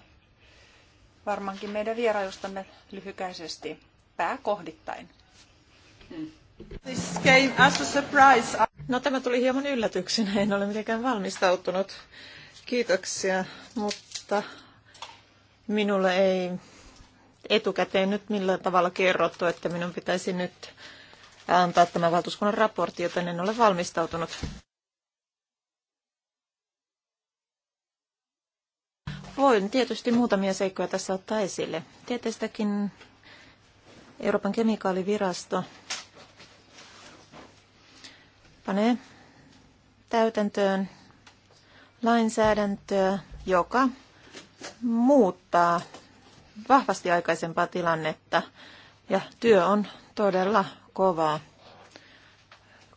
Speaker 2: varmaankin meidän vierailustamme lyhykäisesti pääkohdittain. This came as a
Speaker 3: surprise. No tämä tuli hieman yllätyksenä, en ole mitenkään valmistautunut. Kiitoksia, mutta minulle ei etukäteen nyt millään tavalla kerrottu, että minun pitäisi nyt antaa tämä valtuuskunnan raportti, joten en ole valmistautunut. Voin tietysti muutamia seikkoja tässä ottaa esille. Tietystäkin Euroopan kemikaalivirasto panee täytäntöön lainsäädäntöä, joka muuttaa vahvasti aikaisempaa tilannetta ja työ on todella kovaa.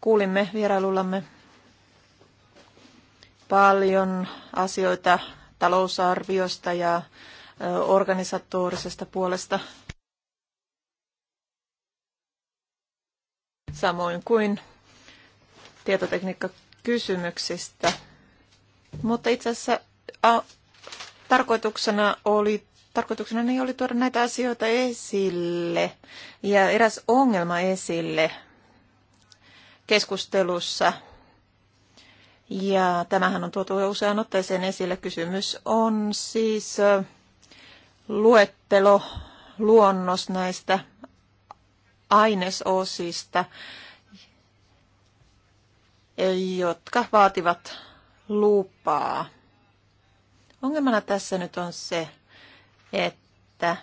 Speaker 3: Kuulimme vierailullamme paljon asioita talousarviosta ja organisatorisesta puolesta. Samoin kuin tietotekniikkakysymyksistä. Mutta itse asiassa a, tarkoituksena oli Tarkoituksena niin oli tuoda näitä asioita esille ja eräs ongelma esille keskustelussa ja tämähän on tuotu usean otteeseen esille. Kysymys on siis luettelo, luonnos näistä ainesosista, jotka vaativat lupaa. Ongelmana tässä nyt on se, että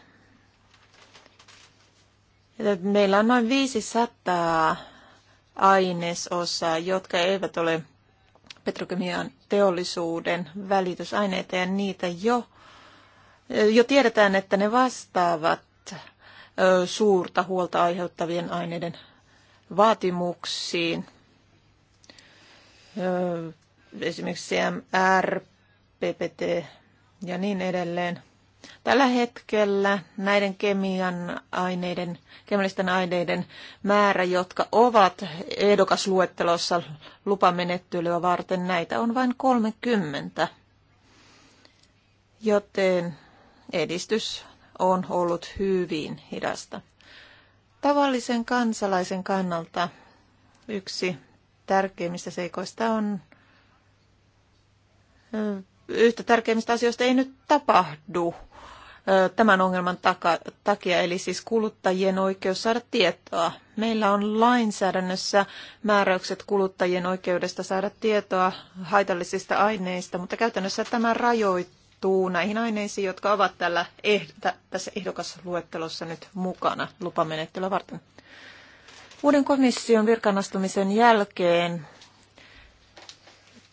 Speaker 3: meillä on noin 500 ainesosaa, jotka eivät ole petrokemian teollisuuden välitysaineita ja niitä jo, jo tiedetään, että ne vastaavat suurta huolta aiheuttavien aineiden vaatimuksiin. Esimerkiksi CMR, PPT ja niin edelleen. Tällä hetkellä näiden kemian aineiden, kemiallisten aineiden määrä, jotka ovat ehdokasluettelossa lupamenettelyä varten, näitä on vain 30. Joten edistys on ollut hyvin hidasta. Tavallisen kansalaisen kannalta yksi tärkeimmistä seikoista on yhtä tärkeimmistä asioista ei nyt tapahdu tämän ongelman takia, eli siis kuluttajien oikeus saada tietoa. Meillä on lainsäädännössä määräykset kuluttajien oikeudesta saada tietoa haitallisista aineista, mutta käytännössä tämä rajoittuu näihin aineisiin, jotka ovat tällä eh, tässä ehdokasluettelossa nyt mukana lupamenettelyä varten. Uuden komission virkanastumisen jälkeen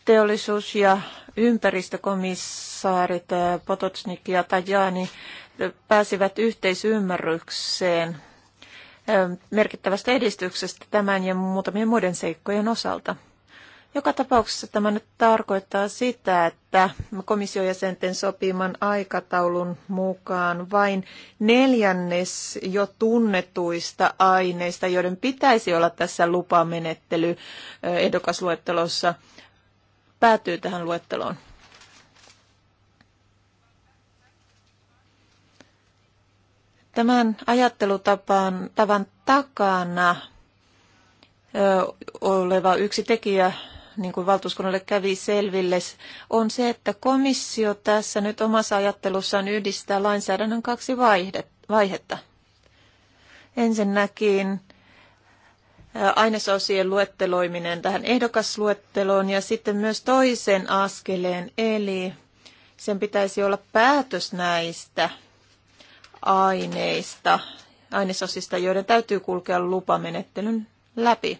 Speaker 3: teollisuus- ja ympäristökomissaarit eh, Potocnik ja Tajani eh, pääsivät yhteisymmärrykseen eh, merkittävästä edistyksestä tämän ja muutamien muiden seikkojen osalta. Joka tapauksessa tämä nyt tarkoittaa sitä, että komissiojäsenten sopiman aikataulun mukaan vain neljännes jo tunnetuista aineista, joiden pitäisi olla tässä lupamenettely ehdokasluettelossa – päätyy tähän luetteloon. Tämän ajattelutapaan tavan takana ö, oleva yksi tekijä, niin kuin valtuuskunnalle kävi selville, on se, että komissio tässä nyt omassa ajattelussaan yhdistää lainsäädännön kaksi vaihdetta. Ensinnäkin ainesosien luetteloiminen tähän ehdokasluetteloon ja sitten myös toisen askeleen, eli sen pitäisi olla päätös näistä aineista, ainesosista, joiden täytyy kulkea lupamenettelyn läpi.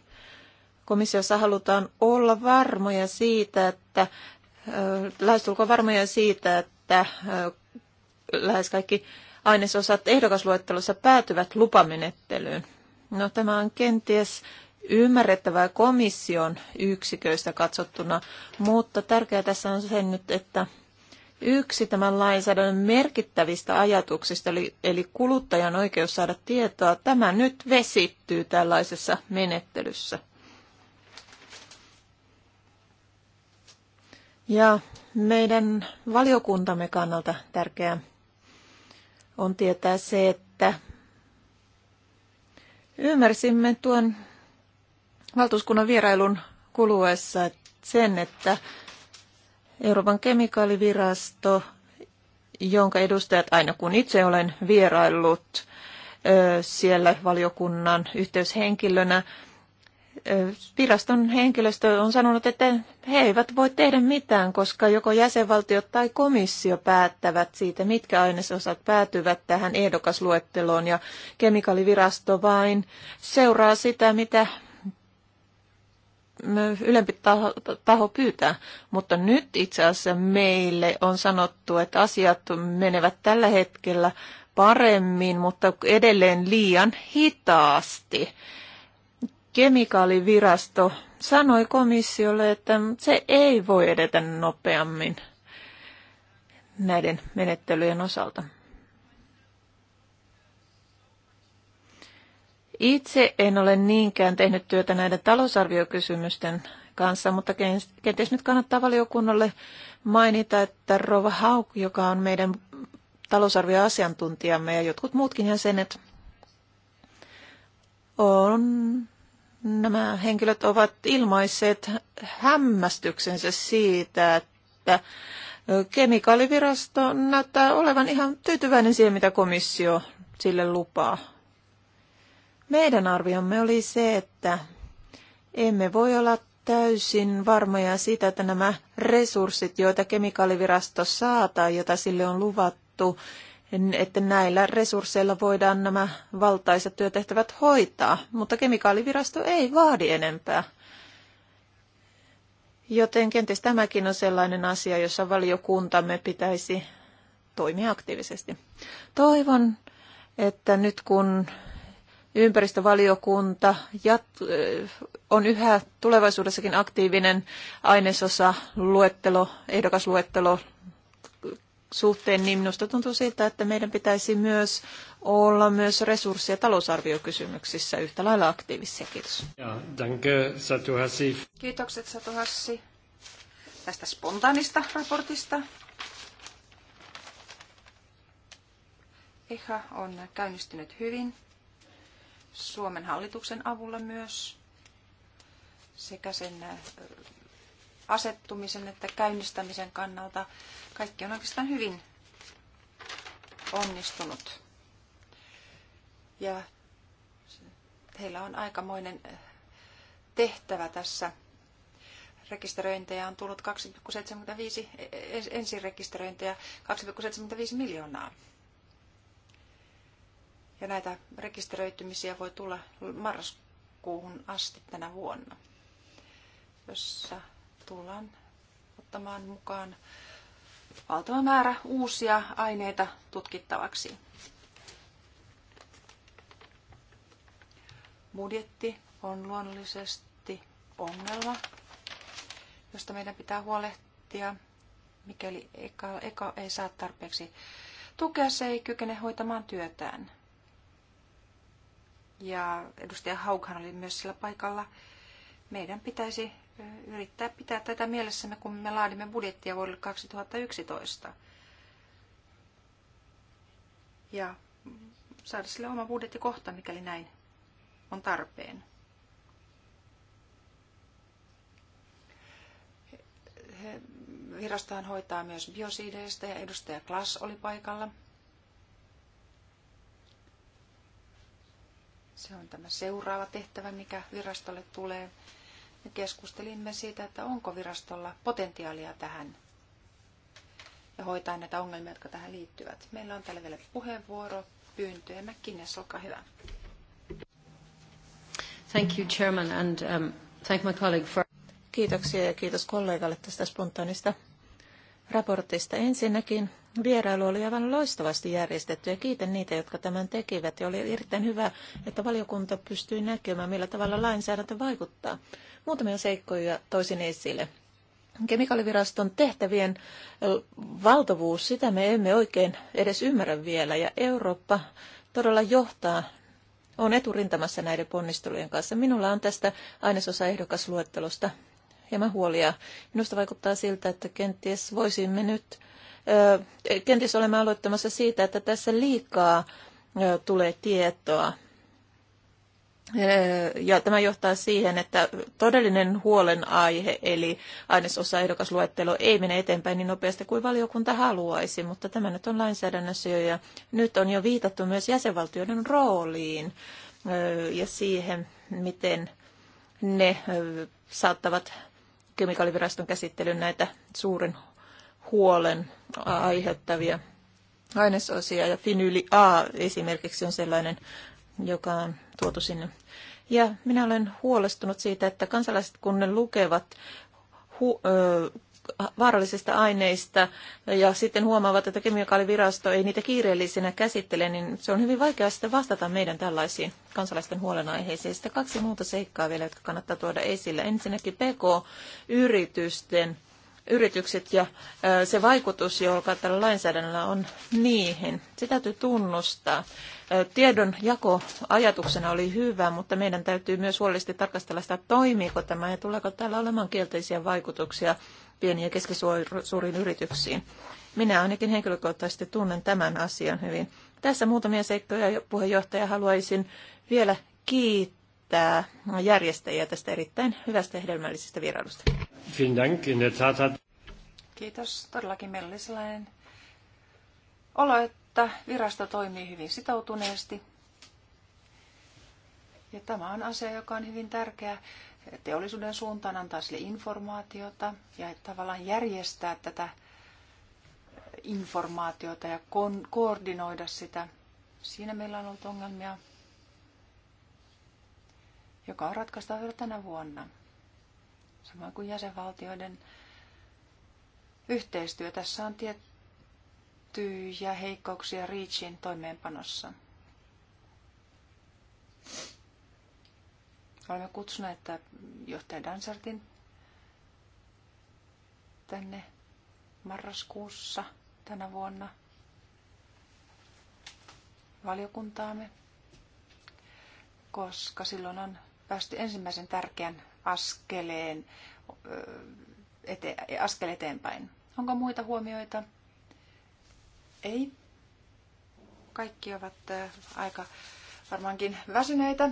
Speaker 3: Komissiossa halutaan olla varmoja siitä, että lähestulkoon varmoja siitä, että lähes kaikki ainesosat ehdokasluettelossa päätyvät lupamenettelyyn. No tämä on kenties ymmärrettävää komission yksiköistä katsottuna, mutta tärkeää tässä on se nyt, että yksi tämän lainsäädännön merkittävistä ajatuksista, eli, eli kuluttajan oikeus saada tietoa, tämä nyt vesittyy tällaisessa menettelyssä. Ja meidän valiokuntamme kannalta tärkeää on tietää se, että Ymmärsimme tuon valtuuskunnan vierailun kuluessa sen, että Euroopan kemikaalivirasto, jonka edustajat aina kun itse olen vieraillut siellä valiokunnan yhteyshenkilönä, viraston henkilöstö on sanonut, että he eivät voi tehdä mitään, koska joko jäsenvaltiot tai komissio päättävät siitä, mitkä ainesosat päätyvät tähän ehdokasluetteloon ja kemikaalivirasto vain seuraa sitä, mitä ylempi taho, taho pyytää. Mutta nyt itse asiassa meille on sanottu, että asiat menevät tällä hetkellä paremmin, mutta edelleen liian hitaasti kemikaalivirasto sanoi komissiolle, että se ei voi edetä nopeammin näiden menettelyjen osalta. Itse en ole niinkään tehnyt työtä näiden talousarviokysymysten kanssa, mutta kenties nyt kannattaa valiokunnalle mainita, että Rova Hauk, joka on meidän talousarvioasiantuntijamme ja jotkut muutkin jäsenet, on Nämä henkilöt ovat ilmaisseet hämmästyksensä siitä, että kemikaalivirasto näyttää olevan ihan tyytyväinen siihen, mitä komissio sille lupaa. Meidän arviomme oli se, että emme voi olla täysin varmoja siitä, että nämä resurssit, joita kemikaalivirasto saa tai joita sille on luvattu, että näillä resursseilla voidaan nämä valtaiset työtehtävät hoitaa, mutta kemikaalivirasto ei vaadi enempää. Joten kenties tämäkin on sellainen asia, jossa valiokuntamme pitäisi toimia aktiivisesti. Toivon, että nyt kun ympäristövaliokunta on yhä tulevaisuudessakin aktiivinen ainesosa luettelo, ehdokasluettelo suhteen, niin minusta tuntuu siltä, että meidän pitäisi myös olla myös resurssi- ja talousarviokysymyksissä yhtä lailla aktiivisia. Kiitos.
Speaker 1: Ja, danke, Satu Hassi.
Speaker 2: Kiitokset Satu Hassi tästä spontaanista raportista. EHA on käynnistynyt hyvin, Suomen hallituksen avulla myös, sekä sen asettumisen että käynnistämisen kannalta kaikki on oikeastaan hyvin onnistunut. Ja heillä on aikamoinen eh, tehtävä tässä. Rekisteröintejä on tullut 2,75, e, e, ensirekisteröintejä 2,75 miljoonaa. Ja näitä rekisteröitymisiä voi tulla marraskuuhun asti tänä vuonna, jossa tullaan ottamaan mukaan valtava määrä uusia aineita tutkittavaksi. Budjetti on luonnollisesti ongelma, josta meidän pitää huolehtia, mikäli eka, eka ei saa tarpeeksi tukea, se ei kykene hoitamaan työtään. Ja edustaja Haughan oli myös sillä paikalla. Meidän pitäisi yrittää pitää tätä mielessämme, kun me laadimme budjettia vuodelle 2011. Ja saada sille oma kohta, mikäli näin on tarpeen. Virastohan hoitaa myös biosiideistä ja edustaja Klass oli paikalla. Se on tämä seuraava tehtävä, mikä virastolle tulee. Me keskustelimme siitä, että onko virastolla potentiaalia tähän ja hoitaa näitä ongelmia, jotka tähän liittyvät. Meillä on täällä vielä puheenvuoro, pyyntöjä. McKinnes, olkaa hyvä.
Speaker 3: Thank you, Chairman, and um, thank my colleague for... Kiitoksia ja kiitos kollegalle tästä spontaanista raportista ensinnäkin. Vierailu oli aivan loistavasti järjestetty ja kiitän niitä, jotka tämän tekivät. Ja oli erittäin hyvä, että valiokunta pystyi näkemään, millä tavalla lainsäädäntö vaikuttaa. Muutamia seikkoja toisin esille. Kemikaaliviraston tehtävien valtavuus, sitä me emme oikein edes ymmärrä vielä. Ja Eurooppa todella johtaa, on eturintamassa näiden ponnistelujen kanssa. Minulla on tästä ainesosaehdokasluettelosta hieman huolia. Minusta vaikuttaa siltä, että kenties voisimme nyt kenties olemme aloittamassa siitä, että tässä liikaa tulee tietoa. Ja tämä johtaa siihen, että todellinen huolenaihe, eli ainesosa ehdokasluettelo, ei mene eteenpäin niin nopeasti kuin valiokunta haluaisi, mutta tämä nyt on lainsäädännössä jo, ja nyt on jo viitattu myös jäsenvaltioiden rooliin ja siihen, miten ne saattavat kemikaaliviraston käsittelyyn näitä suuren huolen aiheuttavia ainesosia. Ja finyli A esimerkiksi on sellainen, joka on tuotu sinne. Ja minä olen huolestunut siitä, että kansalaiset kun ne lukevat hu- ö, vaarallisista aineista ja sitten huomaavat, että kemikaalivirasto ei niitä kiireellisenä käsittele, niin se on hyvin vaikea sitten vastata meidän tällaisiin kansalaisten huolenaiheisiin. Sitten kaksi muuta seikkaa vielä, jotka kannattaa tuoda esille. Ensinnäkin PK-yritysten yritykset ja se vaikutus, joka tällä lainsäädännöllä on niihin. Se täytyy tunnustaa. Tiedon jako ajatuksena oli hyvä, mutta meidän täytyy myös huolellisesti tarkastella sitä, toimiiko tämä ja tuleeko täällä olemaan kielteisiä vaikutuksia pieniin ja keskisuuriin yrityksiin. Minä ainakin henkilökohtaisesti tunnen tämän asian hyvin. Tässä muutamia seikkoja puheenjohtaja haluaisin vielä kiittää järjestäjiä tästä erittäin hyvästä ja
Speaker 2: hedelmällisestä vierailusta
Speaker 1: vielen Dank. In der Tat hat...
Speaker 2: Kiitos. Todellakin meillä oli sellainen olo, että virasto toimii hyvin sitoutuneesti. Ja tämä on asia, joka on hyvin tärkeä teollisuuden suuntaan, antaa sille informaatiota ja tavallaan järjestää tätä informaatiota ja kon- koordinoida sitä. Siinä meillä on ollut ongelmia, joka on ratkaistava tänä vuonna samoin kuin jäsenvaltioiden yhteistyö. Tässä on tiettyjä heikkouksia REACHin toimeenpanossa. Olemme kutsuneet että johtaja Dansartin tänne marraskuussa tänä vuonna valiokuntaamme, koska silloin on päästy ensimmäisen tärkeän askeleen, ete, askel eteenpäin. Onko muita huomioita? Ei. Kaikki ovat aika varmaankin väsyneitä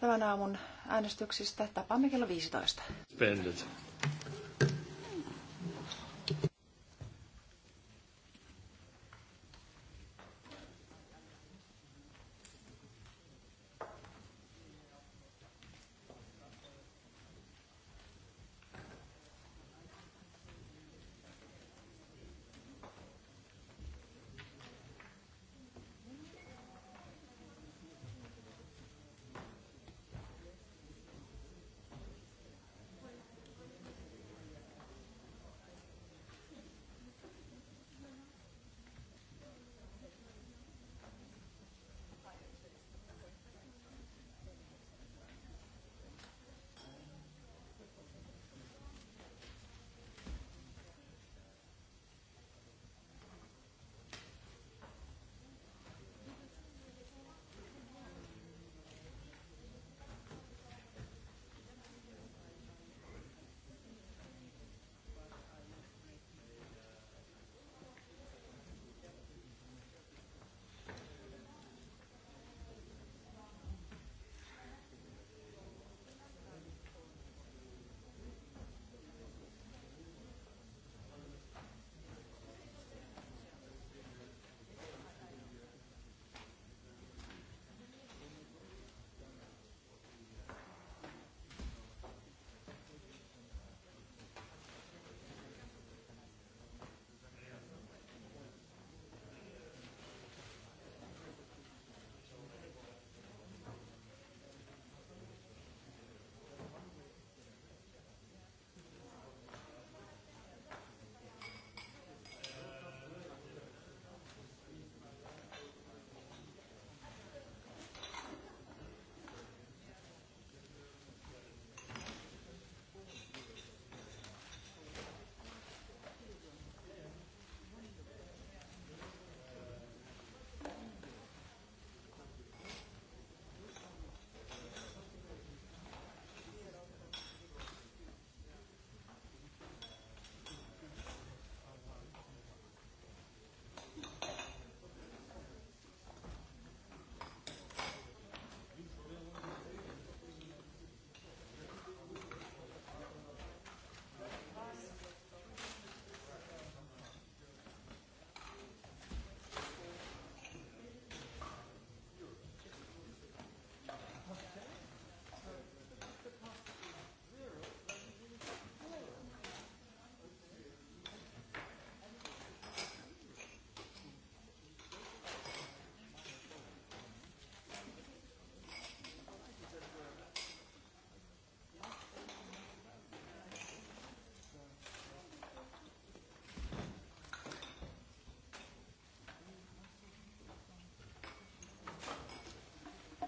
Speaker 2: tämän aamun äänestyksistä. Tapaamme kello
Speaker 1: 15. Spendet.